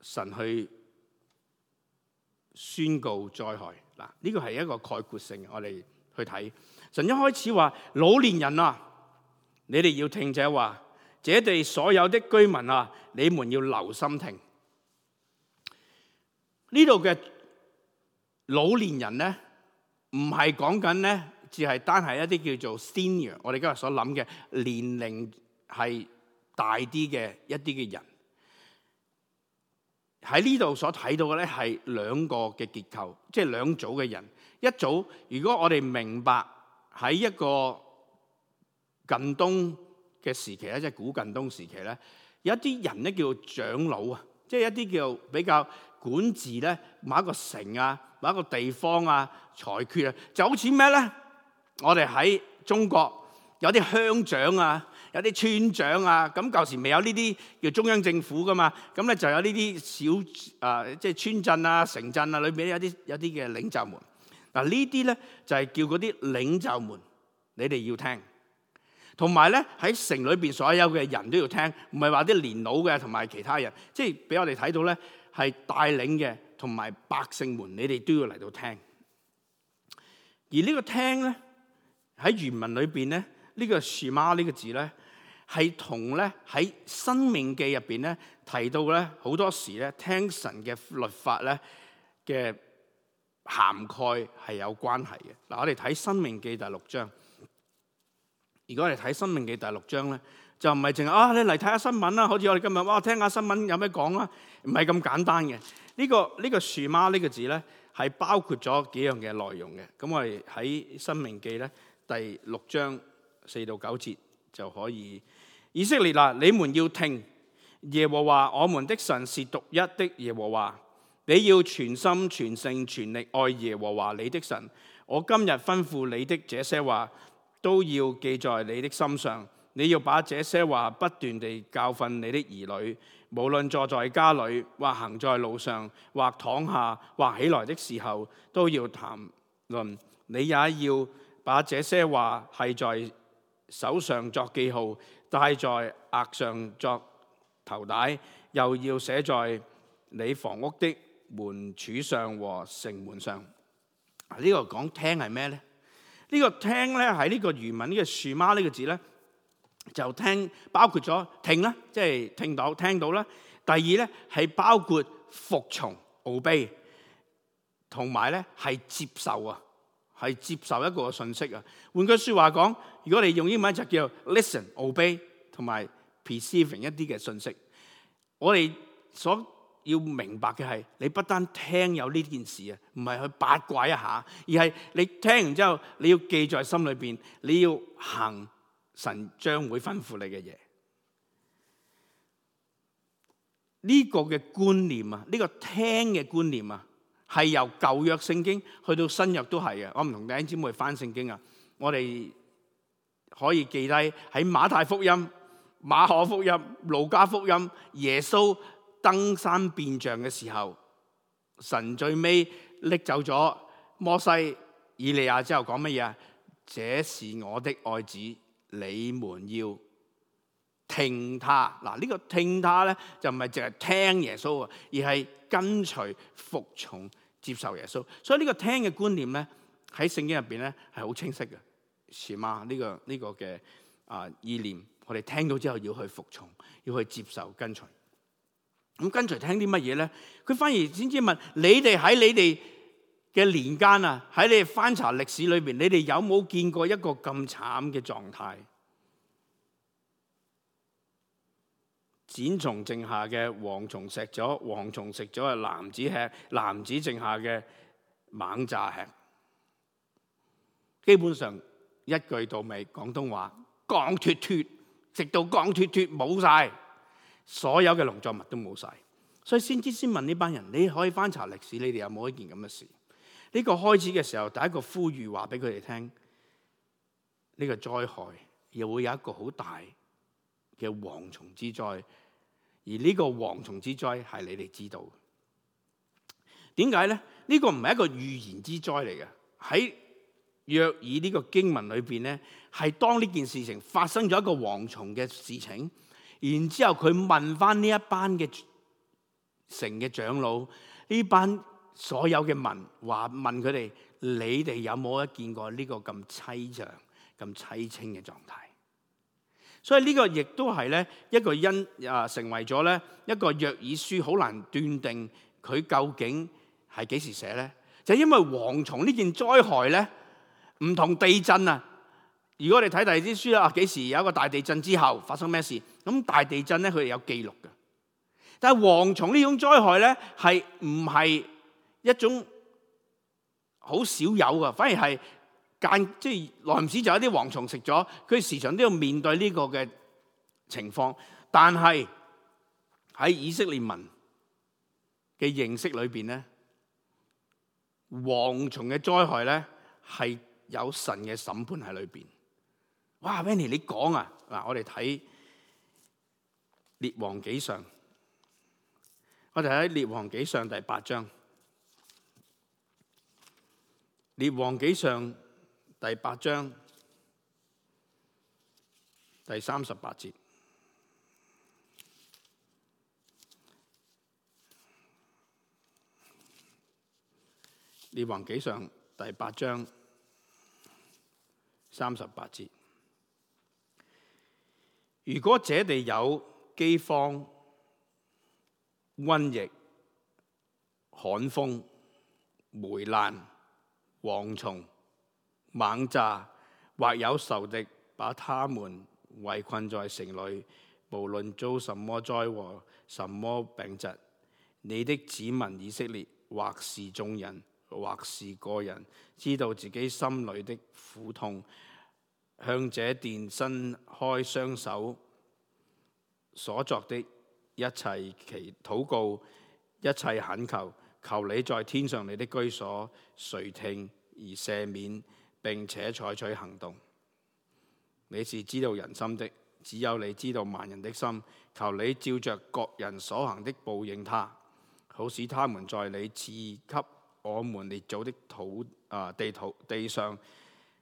神去宣告災害。嗱，呢個係一個概括性嘅我哋去睇。神一開始話：老年人啊，你哋要聽者話，這地所有的居民啊，你們要留心聽。呢度嘅老年人咧，唔係講緊咧，只係單係一啲叫做 senior，我哋今日所諗嘅年齡係大啲嘅一啲嘅人。喺呢度所睇到嘅咧係兩個嘅結構，即係兩組嘅人。一組如果我哋明白喺一個近東嘅時期咧，即係古近東時期咧，有一啲人咧叫做長老啊，即係一啲叫做比較管治咧某一個城啊、某一個地方啊、裁決啊，就好似咩咧？我哋喺中國有啲鄉長啊。有啲村長啊，咁舊時未有呢啲叫中央政府噶嘛？咁咧就有呢啲小啊、呃，即係村鎮啊、城鎮啊裏邊有啲有啲嘅領袖們。嗱、啊、呢啲咧就係叫嗰啲領袖們，你哋要聽。同埋咧喺城裏邊所有嘅人都要聽，唔係話啲年老嘅同埋其他人。即係俾我哋睇到咧，係帶領嘅同埋百姓們，你哋都要嚟到聽。而個廳呢個聽咧喺原文裏邊咧。呢個樹媽呢個字咧，係同咧喺《申命記》入邊咧提到咧好多時咧聽神嘅律法咧嘅涵蓋係有關係嘅。嗱，我哋睇《申命記》第六章。如果我哋睇《申命記》第六章咧，就唔係淨係啊！你嚟睇下新聞啦，好似我哋今日哇，聽下新聞有咩講啦？唔係咁簡單嘅。呢個呢個樹媽呢個字咧，係包括咗幾樣嘅內容嘅。咁我哋喺《申命記》咧第六章。四到九節就可以。以色列，嗱，你們要聽耶和華我們的神是獨一的耶和華。你要全心、全性、全力愛耶和華你的神。我今日吩咐你的這些話，都要記在你的心上。你要把這些話不斷地教訓你的兒女，無論坐在家裏，或行在路上，或躺下，或起來的時候，都要談論。你也要把這些話繫在手上作記號，戴在額上作頭帶，又要寫在你房屋的門柱上和城門上。這個、呢個講聽係咩咧？呢、這個聽咧喺呢這個原文呢個樹媽呢個字咧，就聽包括咗聽啦，即係聽到聽到啦。第二咧係包括服從、obey 同埋咧係接受啊。係接受一個信息啊！換句説話講，如果你用英文就叫 listen、obey 同埋 perceiving 一啲嘅信息。我哋所要明白嘅係，你不單聽有呢件事啊，唔係去八卦一下，而係你聽完之後，你要記在心裏邊，你要行神將會吩咐你嘅嘢。呢個嘅觀念啊，呢個聽嘅觀念啊。係由舊約聖經去到新約都係嘅，我唔同弟兄姊妹翻聖經啊，我哋可以記低喺馬太福音、馬可福音、路加福音，耶穌登山變像嘅時候，神最尾拎走咗摩西、以利亞之後講乜嘢啊？這是我的愛子，你們要。聽他，嗱，呢個聽他咧就唔係淨係聽耶穌啊，而係跟隨服從接受耶穌。所以呢個聽嘅觀念咧喺聖經入邊咧係好清晰嘅，是嘛？呢個呢個嘅啊意念，我哋聽到之後要去服從，要去接受跟隨。咁跟隨聽啲乜嘢咧？佢反而先至問你哋喺你哋嘅年間啊，喺你哋翻查歷史裏邊，你哋有冇見過一個咁慘嘅狀態？剪蟲剩下嘅蝗蟲食咗，蝗蟲食咗嘅蝻子吃，蝻子剩下嘅猛蚱吃。基本上一句到尾廣東話，光脱脱，直到光脱脱冇晒，所有嘅農作物都冇晒。所以先知先問呢班人，你可以翻查歷史，你哋有冇一件咁嘅事？呢個開始嘅時候，第一個呼籲話俾佢哋聽，呢個災害又會有一個好大。嘅蝗蟲之災，而呢個蝗蟲之災係你哋知道。點解咧？呢、這個唔係一個預言之災嚟嘅。喺約珥呢、這個經文裏邊咧，係當呢件事情發生咗一個蝗蟲嘅事情，然之後佢問翻呢一班嘅城嘅長老，呢班所有嘅民話問佢哋，你哋有冇一見過呢個咁淒涼、咁淒清嘅狀態？所以呢個亦都係咧一個因啊、呃，成為咗咧一個約珥書好難斷定佢究竟係幾時寫咧，就係、因為蝗蟲呢件災害咧，唔同地震啊！如果你睇第二啲書啦，啊幾時有一個大地震之後發生咩事？咁大地震咧，佢哋有記錄嘅，但係蝗蟲呢種災害咧，係唔係一種好少有嘅，反而係。間即係耐唔時就有啲蝗蟲食咗，佢時常都要面對呢個嘅情況。但係喺以色列民嘅認識裏邊咧，蝗蟲嘅災害咧係有神嘅審判喺裏邊。哇，哇，Benny 你講啊，嗱我哋睇列王紀上，我哋喺列王紀上第八章，列王紀上。第八章第三十八節，列王紀上第八章三十八節。如果這地有饑荒、瘟疫、旱風、霉爛、蝗蟲，猛炸，或有仇敵把他們圍困在城裏，無論遭什麼災禍、什麼病疾，你的子民以色列或是眾人或是個人，知道自己心裏的苦痛，向這殿伸開雙手，所作的一切祈禱告、一切懇求，求你在天上你的居所垂聽而赦免。並且採取行動。你是知道人心的，只有你知道萬人的心。求你照着各人所行的報應他，好使他們在你賜給我們列祖的土啊地土地上，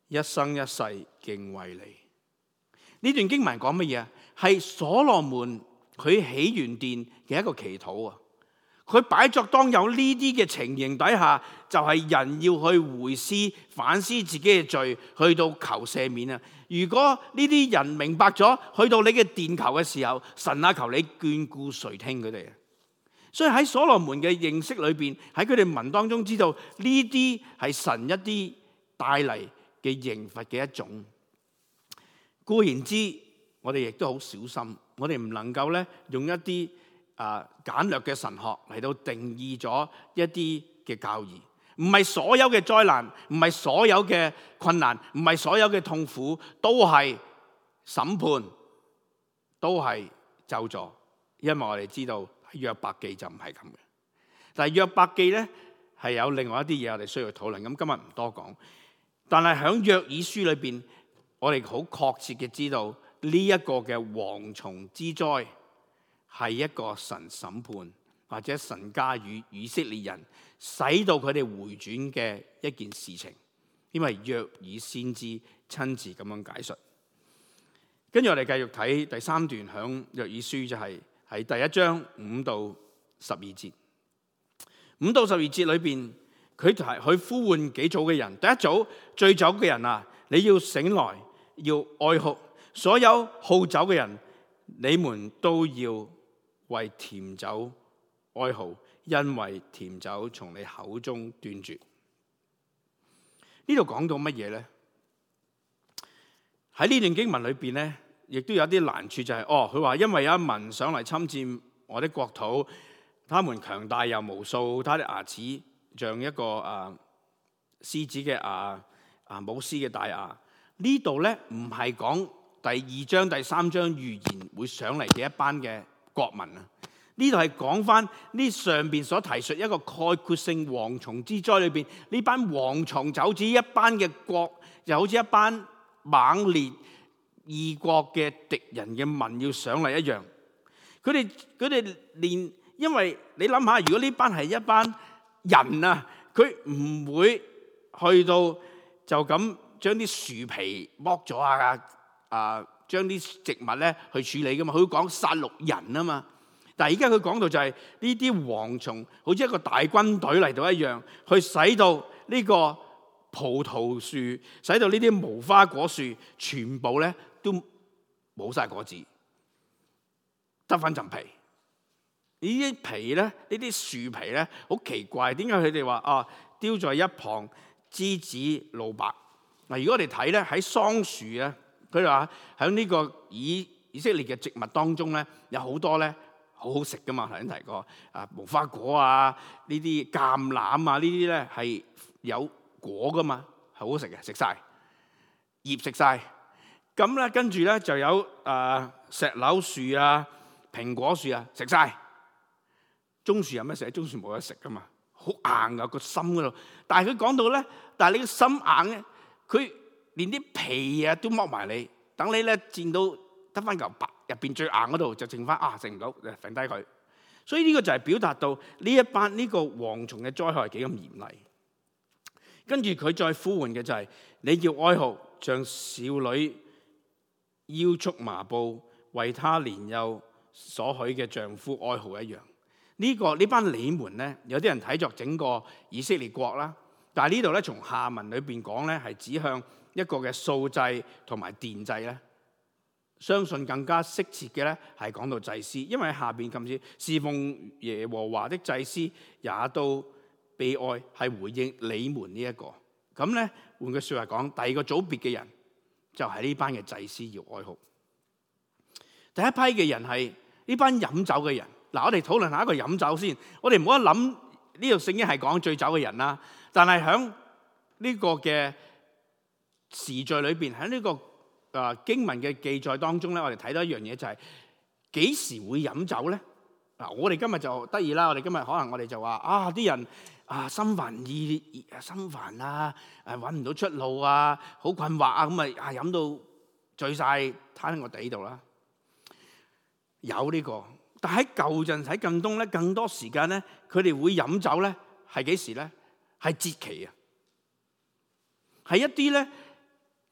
一生一世敬畏你。呢段經文講乜嘢？係所羅門佢起源殿嘅一個祈禱啊！佢擺作當有呢啲嘅情形底下，就係、是、人要去回思、反思自己嘅罪，去到求赦免啊！如果呢啲人明白咗，去到你嘅殿求嘅時候，神啊，求你眷顧垂聽佢哋。所以喺所羅門嘅認識裏邊，喺佢哋文當中知道呢啲係神一啲帶嚟嘅刑罰嘅一種。固然之，我哋亦都好小心，我哋唔能夠咧用一啲。啊，簡略嘅神學嚟到定義咗一啲嘅教義，唔係所有嘅災難，唔係所有嘅困難，唔係所有嘅痛苦都係審判，都係咒詛。因為我哋知道約伯記就唔係咁嘅。但係約伯記咧係有另外一啲嘢我哋需要討論，咁今日唔多講。但係喺約珥書裏邊，我哋好確切嘅知道呢一個嘅蝗蟲之災。係一個神審判或者神加予以色列人，使到佢哋回轉嘅一件事情，因為約珥先知親自咁樣解述。跟住我哋繼續睇第三段響約珥書，就係喺第一章五到十二節。五到十二節裏邊，佢提佢呼喚幾組嘅人，第一組醉酒嘅人啊，你要醒來，要哀哭，所有好酒嘅人，你們都要，為甜酒哀號，因為甜酒從你口中斷絕。呢度講到乜嘢呢？喺呢段經文裏邊呢，亦都有啲難處，就是，就係哦，佢話因為有一民上嚟侵占我的國土，他們強大又無數，他的牙齒像一個啊、呃、獅子嘅牙啊，母獅嘅大牙。呢度呢，唔係講第二章第三章預言會上嚟嘅一班嘅。國民啊，呢度係講返呢，上邊所提述一個概括性蝗蟲之災，裏邊呢班蝗蟲就好似一班嘅國，就好似一班猛烈異國嘅敵人嘅民要上嚟一樣。佢哋佢哋連，因為你諗下，如果呢班係一班人啊，佢唔會去到就咁將啲樹皮剝咗啊！啊、呃！將啲植物咧去處理噶嘛，佢講殺戮人啊嘛。但係而家佢講到就係呢啲蝗蟲，好似一個大軍隊嚟到一樣，去使到呢個葡萄樹，使到呢啲無花果樹，全部咧都冇晒果子，得翻層皮。這些皮呢啲皮咧，呢啲樹皮咧，好奇怪，點解佢哋話啊？丟在一旁，枝子露白。嗱，如果我哋睇咧喺桑樹咧。佢話喺呢個以以色列嘅植物當中咧，有好多咧好好食噶嘛，頭先提過啊，無花果啊，呢啲橄欖啊，這些呢啲咧係有果噶嘛，係好好食嘅，食晒葉，食晒咁咧，跟住咧就有誒、呃、石榴樹啊、蘋果樹啊，食晒，棕樹有咩食？棕樹冇得食噶嘛，好硬噶個心嗰度。但係佢講到咧，但係你個心硬咧，佢。連啲皮啊都剝埋你，等你咧戰到得翻嚿白入邊最硬嗰度，就剩翻啊，剩唔到，就甩低佢。所以呢個就係表達到呢一班呢個蝗蟲嘅災害係幾咁嚴厲。跟住佢再呼喚嘅就係、是、你要哀號，像少女腰束麻布，為她年幼所許嘅丈夫哀號一樣。這個、呢個呢班你們咧，有啲人睇作整個以色列國啦。但係呢度咧，從下文裏邊講咧，係指向一個嘅素祭同埋奠祭咧。相信更加適切嘅咧，係講到祭司，因為下邊咁先侍奉耶和華的祭司也都悲哀，係回應你們這這呢一個。咁咧，換句話說話講，第二個組別嘅人就係呢班嘅祭司要哀號。第一批嘅人係呢班飲酒嘅人。嗱，我哋討論一下一個飲酒先，我哋唔好一諗。呢條聖經係講醉酒嘅人啦，但係喺呢個嘅時序裏邊，喺呢個啊經文嘅記載當中咧，我哋睇到一樣嘢就係幾時會飲酒咧？嗱，我哋今日就得意啦！我哋今日可能我哋就話啊，啲人啊心煩意心煩啊，誒揾唔到出路啊，好困惑啊，咁啊飲到醉晒，攤喺我哋度啦，有呢個。喺舊陣喺近東咧，更多時間咧，佢哋會飲酒咧，係幾時咧？係節期啊，喺一啲咧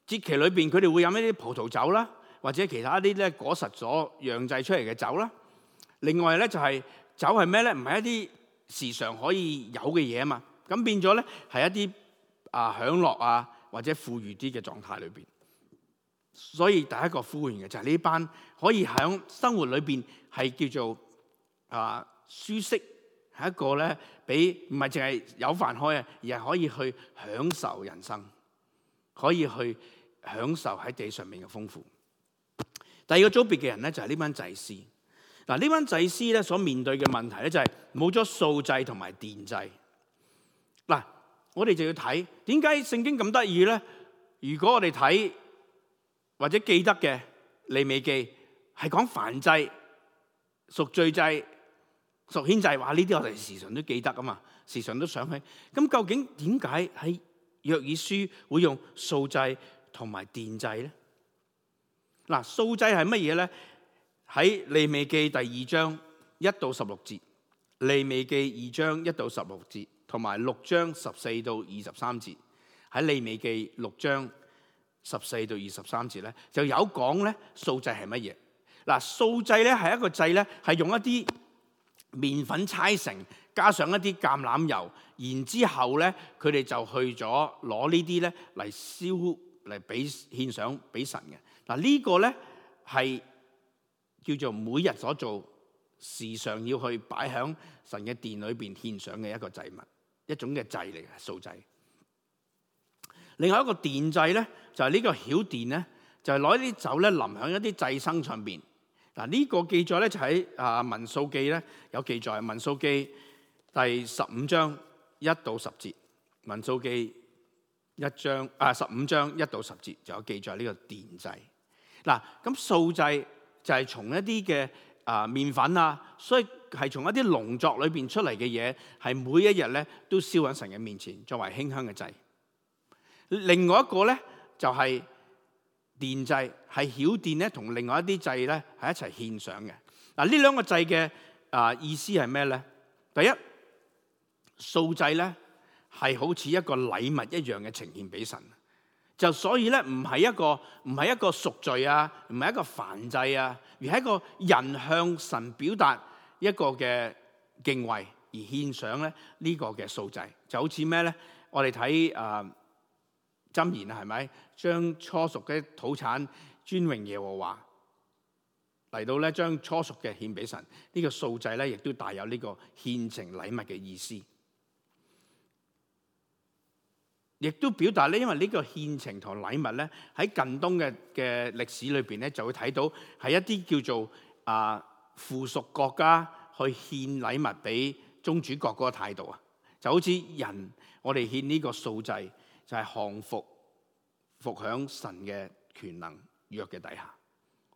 節期裏邊，佢哋會飲一啲葡萄酒啦，或者其他啲咧果實所釀製出嚟嘅酒啦。另外咧就係酒係咩咧？唔係一啲時常可以有嘅嘢啊嘛。咁變咗咧係一啲啊享樂啊或者富裕啲嘅狀態裏邊。所以第一個呼籲嘅就係呢班可以喺生活裏邊係叫做啊舒適係一個咧，比唔係淨係有飯開啊，而係可以去享受人生，可以去享受喺地上面嘅豐富。第二個組別嘅人咧就係呢班祭司。嗱，呢班祭司咧所面對嘅問題咧就係冇咗素祭同埋奠祭。嗱，我哋就要睇點解聖經咁得意咧？如果我哋睇。或者記得嘅利未記係講燔祭、贖罪祭、贖愆祭，話呢啲我哋時常都記得啊嘛，時常都想起。咁究竟點解喺約珥書會用素祭同埋奠祭咧？嗱，素祭係乜嘢咧？喺利未記第二章一到十六節，利未記二章一到十六節，同埋六章十四到二十三節，喺利未記六章，十四到二十三節咧，就有講咧，素祭係乜嘢？嗱，素祭咧係一個祭咧，係用一啲麵粉搓成，加上一啲橄欖油，然之後咧，佢哋就去咗攞呢啲咧嚟燒嚟俾獻上俾神嘅。嗱、這個，呢個咧係叫做每日所做時常要去擺響神嘅殿裏邊獻上嘅一個祭物，一種嘅祭嚟嘅素祭。另外一個奠祭咧，就係呢個曉奠咧，就係攞啲酒咧淋喺一啲祭牲上邊。嗱，呢個記載咧就喺啊《民數記》咧有記載，《民數記》第十五章一到十節，《民數記》一章啊十五章一到十節就有記載呢個奠祭。嗱，咁素祭就係從一啲嘅啊麵粉啊，所以係從一啲農作裏邊出嚟嘅嘢，係每一日咧都燒喺神嘅面前，作為馨香嘅祭。另外一個咧就係奠祭，係曉奠咧同另外一啲祭咧喺一齊獻上嘅。嗱，呢兩個祭嘅啊意思係咩咧？第一，素祭咧係好似一個禮物一樣嘅呈獻俾神，就所以咧唔係一個唔係一個贖罪啊，唔係一個燔祭啊，而係一個人向神表達一個嘅敬畏而獻上咧呢個嘅素祭就好似咩咧？我哋睇啊～、呃箴言啊，係咪將初熟嘅土產尊榮耶和華嚟到咧？將初熟嘅獻俾神，呢、呢個素祭咧，亦都帶有呢個獻呈禮物嘅意思，亦都表達咧。因為呢個獻呈同禮物咧，喺近東嘅嘅歷史裏邊咧，就會睇到係一啲叫做啊附屬國家去獻禮物俾宗主國嗰個態度啊，就好似人我哋獻呢個素祭。就係降服，服響神嘅權能、約嘅底下，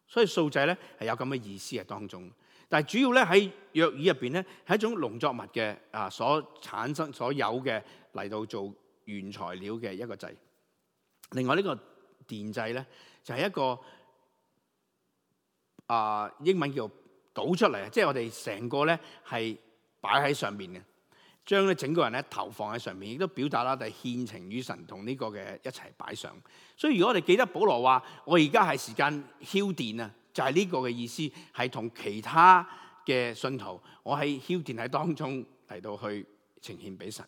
所以素制咧係有咁嘅意思喺當中。但係主要咧喺約語入邊咧係一種農作物嘅啊所產生所有嘅嚟到做原材料嘅一個制。另外呢個電制咧就係、是、一個啊、呃、英文叫做倒出嚟，即、就、係、是、我哋成個咧係擺喺上面嘅。將咧整個人咧投放喺上面，亦都表達啦，就係獻呈與神同呢個嘅一齊擺上。所以如果我哋記得保羅話，我而家係時間澆奠啊，就係呢個嘅意思，係同其他嘅信徒，我喺澆奠喺當中嚟到去呈獻俾神。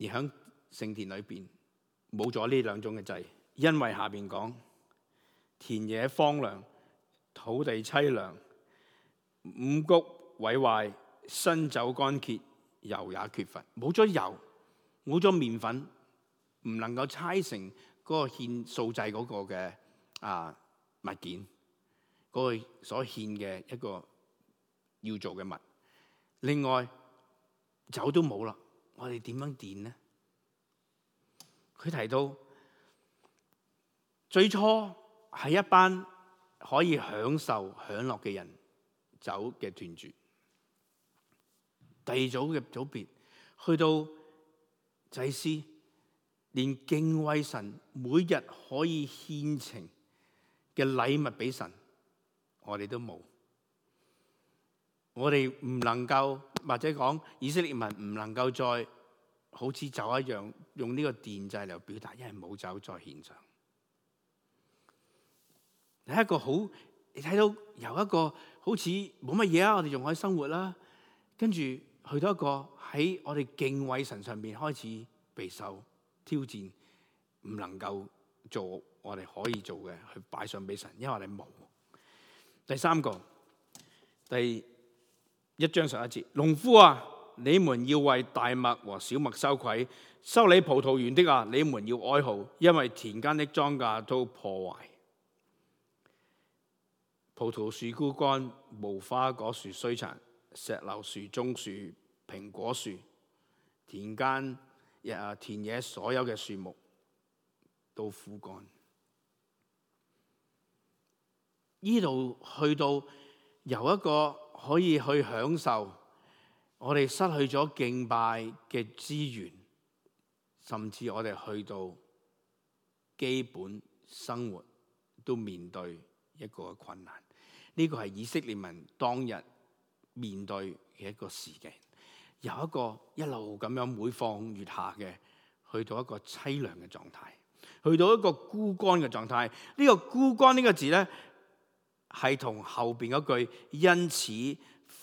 而喺聖殿裏邊冇咗呢兩種嘅祭，因為下邊講田野荒涼，土地淒涼，五穀毀壞。新酒乾竭，油也缺乏，冇咗油，冇咗麵粉，唔能夠猜成嗰個獻素祭嗰個嘅啊物件，嗰、嗰個所獻嘅一個要做嘅物件。另外，酒都冇啦，我哋點樣奠呢？佢提到最初係一班可以享受享樂嘅人酒嘅團聚。第二組嘅組別去到祭司，連敬畏神每日可以獻呈嘅禮物俾神，我哋都冇。我哋唔能夠或者講，以色列民唔能夠再好似酒一樣用呢個奠祭嚟，表達，因為冇酒再獻上。係一個好，你睇到由一個好似冇乜嘢啊，我哋仲可以生活啦，跟住。去到一個喺我哋敬畏神上面開始備受挑戰，唔能夠做我哋可以做嘅，去擺上俾神，因為你冇。第三個，第一章十一節，農夫啊，你們要為大麥和小麥羞愧，修理葡萄園的啊，你們要哀號，因為田間的莊稼都破壞，葡萄樹枯乾，無花果樹衰殘。石榴樹、棕樹、蘋果樹、田間、田野，所有嘅樹木都枯乾。呢度去到由一個可以去享受，我哋失去咗敬拜嘅資源，甚至我哋去到基本生活都面對一個困難。呢、這個係以色列民當日。面對嘅一個時景，由一個一路咁樣每況愈下嘅，去到一個淒涼嘅狀態，去到一個枯乾嘅狀態。呢、呢個枯乾呢個字呢，係同後邊嗰句因此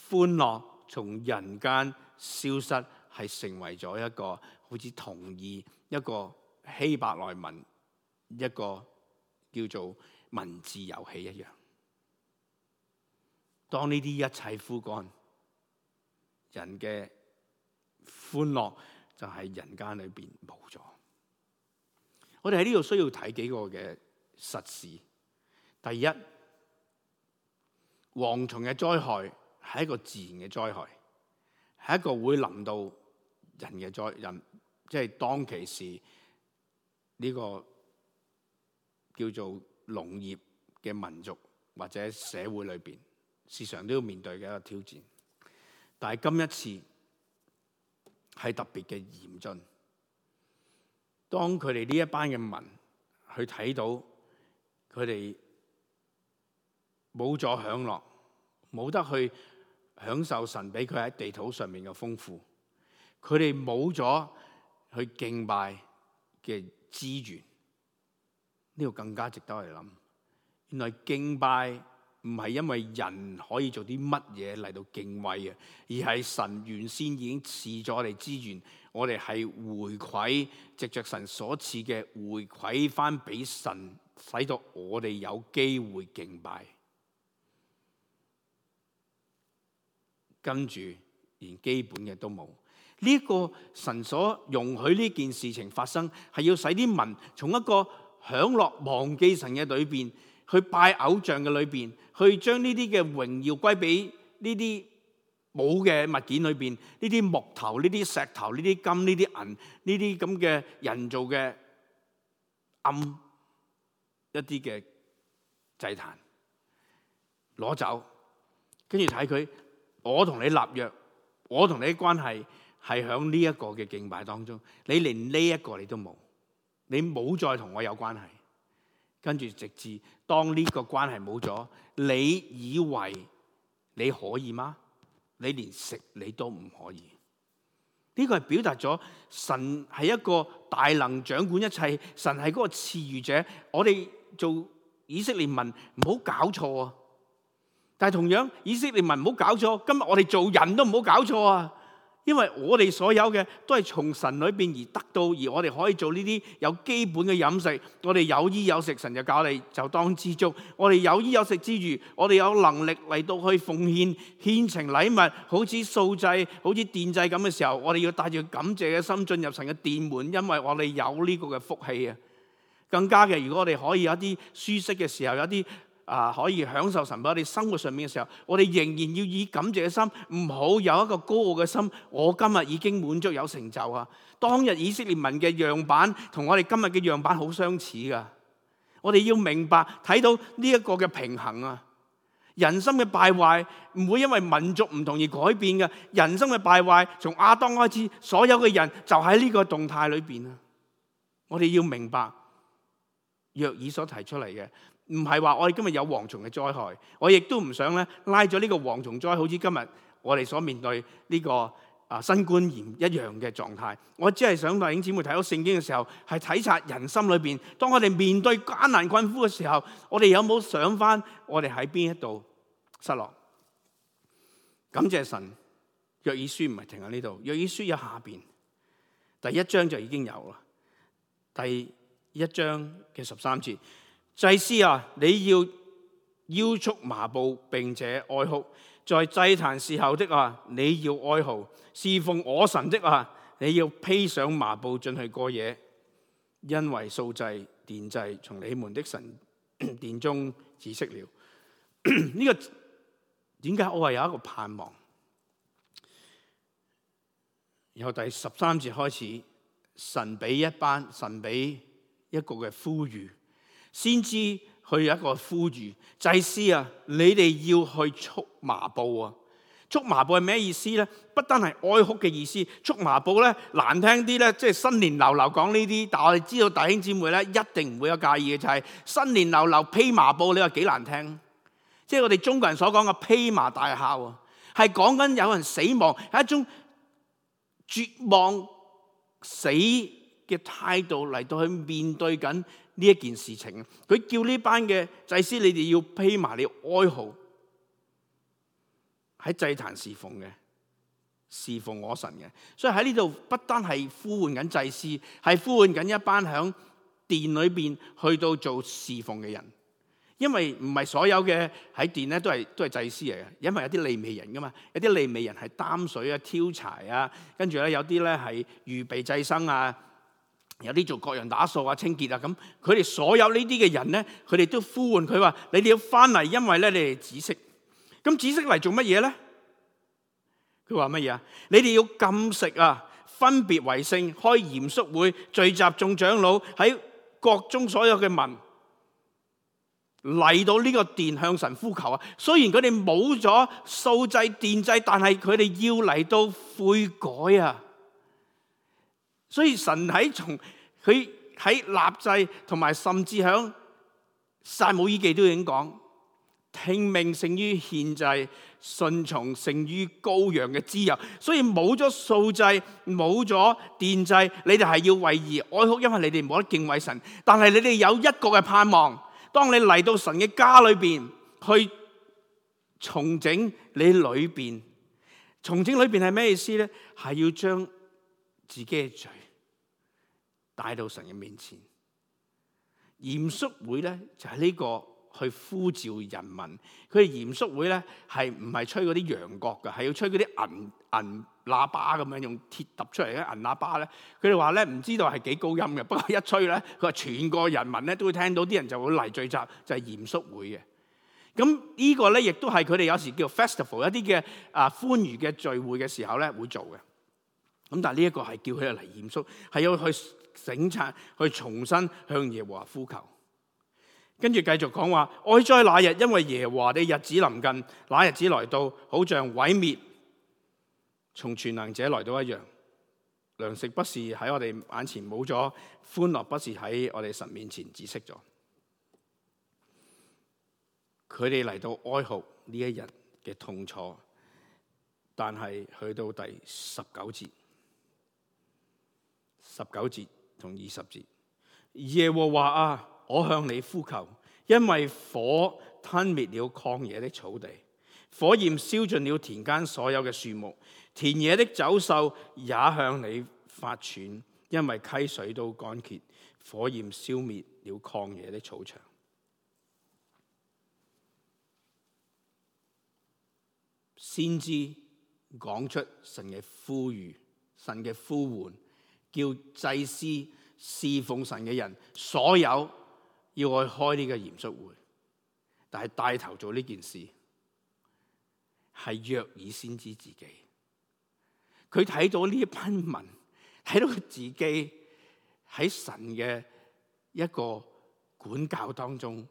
歡樂從人間消失，係成為咗一個好似同意一個希伯來文一個叫做文字遊戲一樣。當呢啲一切枯乾，人嘅歡樂就喺人間裏邊冇咗。我哋喺呢度需要睇幾個嘅實事。第一，蝗蟲嘅災害係一個自然嘅災害，係一個會臨到人嘅災人，即係當其時呢個叫做農業嘅民族或者社會裏邊。時常都要面對嘅一個挑戰，但係今一次係特別嘅嚴峻。當佢哋呢一班嘅民去睇到佢哋冇咗享樂，冇得去享受神俾佢喺地土上面嘅豐富，佢哋冇咗去敬拜嘅資源，呢個更加值得我哋諗。原來敬拜，唔係因為人可以做啲乜嘢嚟到敬畏嘅，而係神原先已經賜咗我哋資源，我哋係回饋，藉着神所賜嘅回饋翻俾神，使到我哋有機會敬拜。跟住連基本嘅都冇，呢個神所容許呢件事情發生，係要使啲民從一個享樂忘記神嘅裏面。去拜偶像嘅裏邊，去將呢啲嘅榮耀歸俾呢啲冇嘅物件裏邊，呢啲木頭、呢啲石頭、呢啲金、呢啲銀、呢啲咁嘅人造嘅暗一啲嘅祭壇攞走，跟住睇佢，我同你立約，我同你嘅關係係喺呢一個嘅敬拜當中，你連呢一個你都冇，你冇再同我有關係。跟住直至當呢個關係冇咗，你以為你可以嗎？你連食你都唔可以。呢、這個係表達咗神係一個大能掌管一切，神係嗰個賜予者。我哋做以色列民唔好搞錯啊！但係同樣以色列民唔好搞錯，今日我哋做人都唔好搞錯啊！因為我哋所有嘅都係從神裏邊而得到，而我哋可以做呢啲有基本嘅飲食，我哋有衣有食，神就教你，就當知足。我哋有衣有食之餘，我哋有能力嚟到去奉獻獻情禮物，好似素祭，好似奠祭咁嘅時候，我哋要帶住感謝嘅心進入神嘅殿門，因為我哋有呢個嘅福氣啊。更加嘅，如果我哋可以有啲舒適嘅時候，有啲啊！可以享受神俾我哋生活上面嘅時候，我哋仍然要以感謝嘅心，唔好有一個高傲嘅心。我今日已經滿足有成就啊！當日以色列民嘅樣板同我哋今日嘅樣板好相似㗎。我哋要明白睇到呢一個嘅平衡啊！人生嘅敗壞唔會因為民族唔同而改變嘅。人生嘅敗壞從亞當開始，所有嘅人就喺呢個動態裏邊啊！我哋要明白約珥所提出嚟嘅。唔係話我哋今日有蝗蟲嘅災害，我亦都唔想咧拉咗呢個蝗蟲災，好似今日我哋所面對呢個啊新冠炎一樣嘅狀態。我只係想弟兄姊妹睇到聖經嘅時候，係體察人心裏邊，當我哋面對艱難困苦嘅時候，我哋有冇想翻我哋喺邊一度失落？感謝神，約珥書唔係停喺呢度，約珥書有下邊第一章就已經有啦，第一章嘅十三節。祭司啊，你要腰束麻布，並且哀哭；在祭壇侍候的啊，你要哀號；侍奉我神的啊，你要披上麻布進去過夜，因為素祭奠祭從你們的神殿中止息了。呢、 這個點解我係有一個盼望？由第十三節開始，神俾一班神俾一個嘅呼籲。先知佢有一個呼籲，祭司啊，你哋要去束麻布啊！束麻布係咩意思咧？不單係哀哭嘅意思，束麻布咧，難聽啲咧，即係新年流流講呢啲。但係我哋知道弟兄姊妹咧一定唔會有介意嘅，就係新年流流披麻布，你話幾難聽？即係我哋中國人所講嘅披麻戴孝啊，係講緊有人死亡係一種絕望死嘅態度嚟到去面對緊。呢一件事情，佢叫呢班嘅祭司你，你哋要披埋你哀號，喺祭壇侍奉嘅，侍奉我神嘅。所以喺呢度不單係呼喚緊祭司，係呼喚緊一班響殿裏邊去到做侍奉嘅人。因為唔係所有嘅喺殿咧都係都係祭司嚟嘅，因為有啲利未人噶嘛，有啲利未人係擔水啊、挑柴啊，跟住咧有啲咧係預備祭牲啊。有啲做各樣打掃啊、清潔啊咁，佢哋所有呢啲嘅人咧，佢哋都呼喚佢話：你哋要翻嚟，因為咧你哋紫色。咁紫色嚟做乜嘢咧？佢話乜嘢啊？你哋要禁食啊，分別為聖，開嚴肅會，聚集眾長老喺各中所有嘅民嚟到呢個殿向神呼求啊。雖然佢哋冇咗素祭奠祭，但係佢哋要嚟到悔改啊。所以神喺從佢喺立制同埋甚至響《撒母耳記》都已經講，聽命勝於獻祭，順從勝於羔羊嘅脂油。所以冇咗素祭，冇咗奠祭，你哋係要為而哀哭，因為你哋唔可以敬畏神。但係你哋有一個嘅盼望，當你嚟到神嘅家裏邊去重整你裏邊，重整裏邊係咩意思咧？係要將自己嘅罪。帶到神嘅面前，嚴肅會咧就係、是、呢個去呼召人民。佢哋嚴肅會咧係唔係吹嗰啲羊角噶，係要吹嗰啲銀銀喇叭咁樣，用鐵揼出嚟嘅銀喇叭咧。佢哋話咧唔知道係幾高音嘅，不過一吹咧，佢話全個人民咧都會聽到，啲人就會嚟聚集，就係嚴肅會嘅。咁呢個咧亦都係佢哋有時叫 festival，一啲嘅啊歡愉嘅聚會嘅時候咧會做嘅。咁但係呢一個係叫佢嚟嚴肅，係要去。警察去重新向耶和華呼求，跟住繼續講話：哀哉那日，因為耶和華的日子臨近，那日子來到，好像毀滅從全能者來到一樣。糧食不是喺我哋眼前冇咗，歡樂不是喺我哋神面前止息咗。佢哋嚟到哀號呢一日嘅痛楚，但係去到第十九節，十九節。同二十節，耶和華啊，我向你呼求，因為火吞滅了曠野的草地，火焰燒盡了田間所有嘅樹木，田野的走獸也向你發喘，因為溪水都乾竭，火焰消滅了曠野的草場。先知講出神嘅呼籲，神嘅呼喚。叫祭司侍奉神嘅人，所有要去開呢個嚴肅會，但係帶頭做呢件事係約珥先知自己，佢睇到呢一班民，睇到佢自己喺神嘅一個管教當中。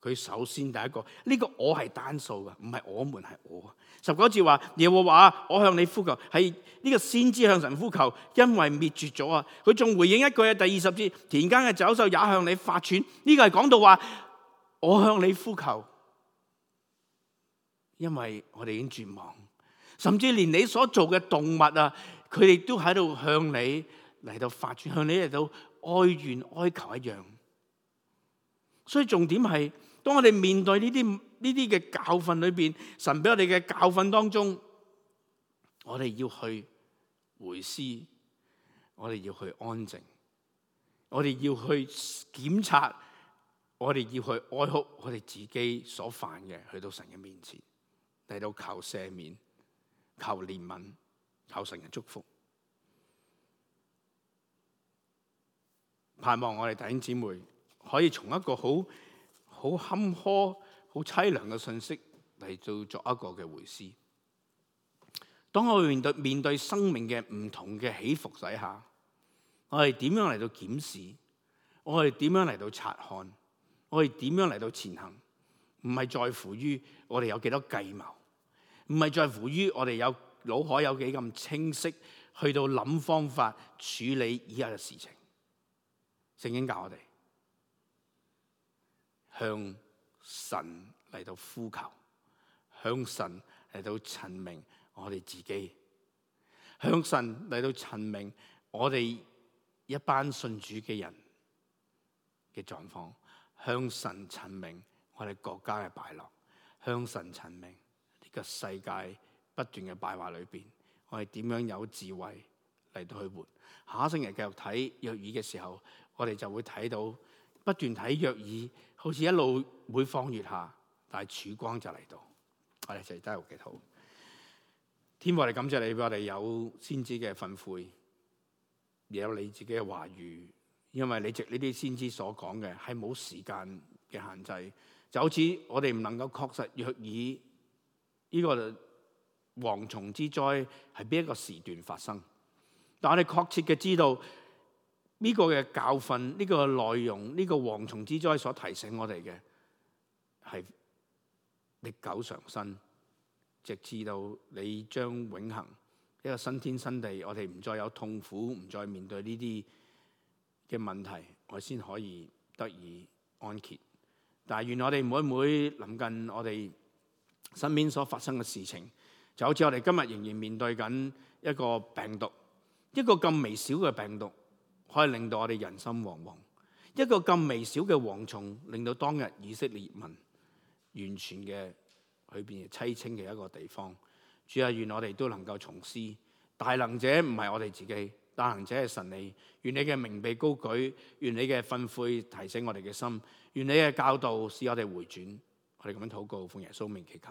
佢首先第一個呢、這個我係單數噶，唔係我們，係我。十九節話，耶和華，我向你呼求，係呢個先知向神呼求，因為滅絕咗啊。佢仲回應一句啊，第二十節，田間嘅走獸也向你發喘，呢、這個係講到話我向你呼求，因為我哋已經絕望，甚至連你所做嘅動物啊，佢哋都喺度向你嚟到發喘，向你嚟到哀怨哀求一樣。所以重點係。當我哋面對呢啲呢啲嘅教訓裏邊，神俾我哋嘅教訓當中，我哋要去回思，我哋要去安靜，我哋要去檢查，我哋要去哀哭我哋自己所犯嘅，去到神嘅面前，嚟到求赦免、求憐憫、求神嘅祝福，盼望我哋弟兄姊妹可以從一個好。好坎坷、好淒涼嘅信息嚟做作一個嘅回思。當我面對面對生命嘅唔同嘅起伏底下，我哋點樣嚟到檢視？我哋點樣嚟到察看？我哋點樣嚟到前行？唔係在乎於我哋有幾多計謀，唔係在乎於我哋有腦海有幾咁清晰，去到諗方法處理以下嘅事情。聖經教我哋。向神嚟到呼求，向神嚟到陳明我哋自己，向神嚟到陳明我哋一班信主嘅人嘅狀況，向神陳明我哋國家嘅敗落，向神陳明呢個世界不斷嘅敗壞裏邊，我哋點樣有智慧嚟到去活。下星期繼續睇約珥嘅時候，我哋就會睇到不斷睇約珥。好似一路會放月下，但係曙光就嚟到。我哋就係真係好嘅，好。天父，我哋感謝你，我哋有先知嘅憤悔，有你自己嘅話語，因為你藉呢啲先知所講嘅係冇時間嘅限制。就好似我哋唔能夠確實約以呢個蝗蟲之災係邊一個時段發生，但我哋確切嘅知道。呢個嘅教訓，呢個內容，呢個蝗蟲之災所提醒我哋嘅係歷久常新，直至到你將永恆一個新天新地。我哋唔再有痛苦，唔再面對呢啲嘅問題，我先可以得以安歇。但係，原來我哋每每臨近我哋身邊所發生嘅事情，就好似我哋今日仍然面對緊一個病毒，一個咁微小嘅病毒。可以令到我哋人心惶惶，一個咁微小嘅蝗蟲，令到當日以色列民完全嘅去變成凄清嘅一個地方。主啊，願我哋都能夠從師，大能者唔係我哋自己，大能者係神你。願你嘅名被高舉，願你嘅訓誨提醒我哋嘅心，願你嘅教導使我哋回轉。我哋咁樣禱告，奉耶穌名祈求。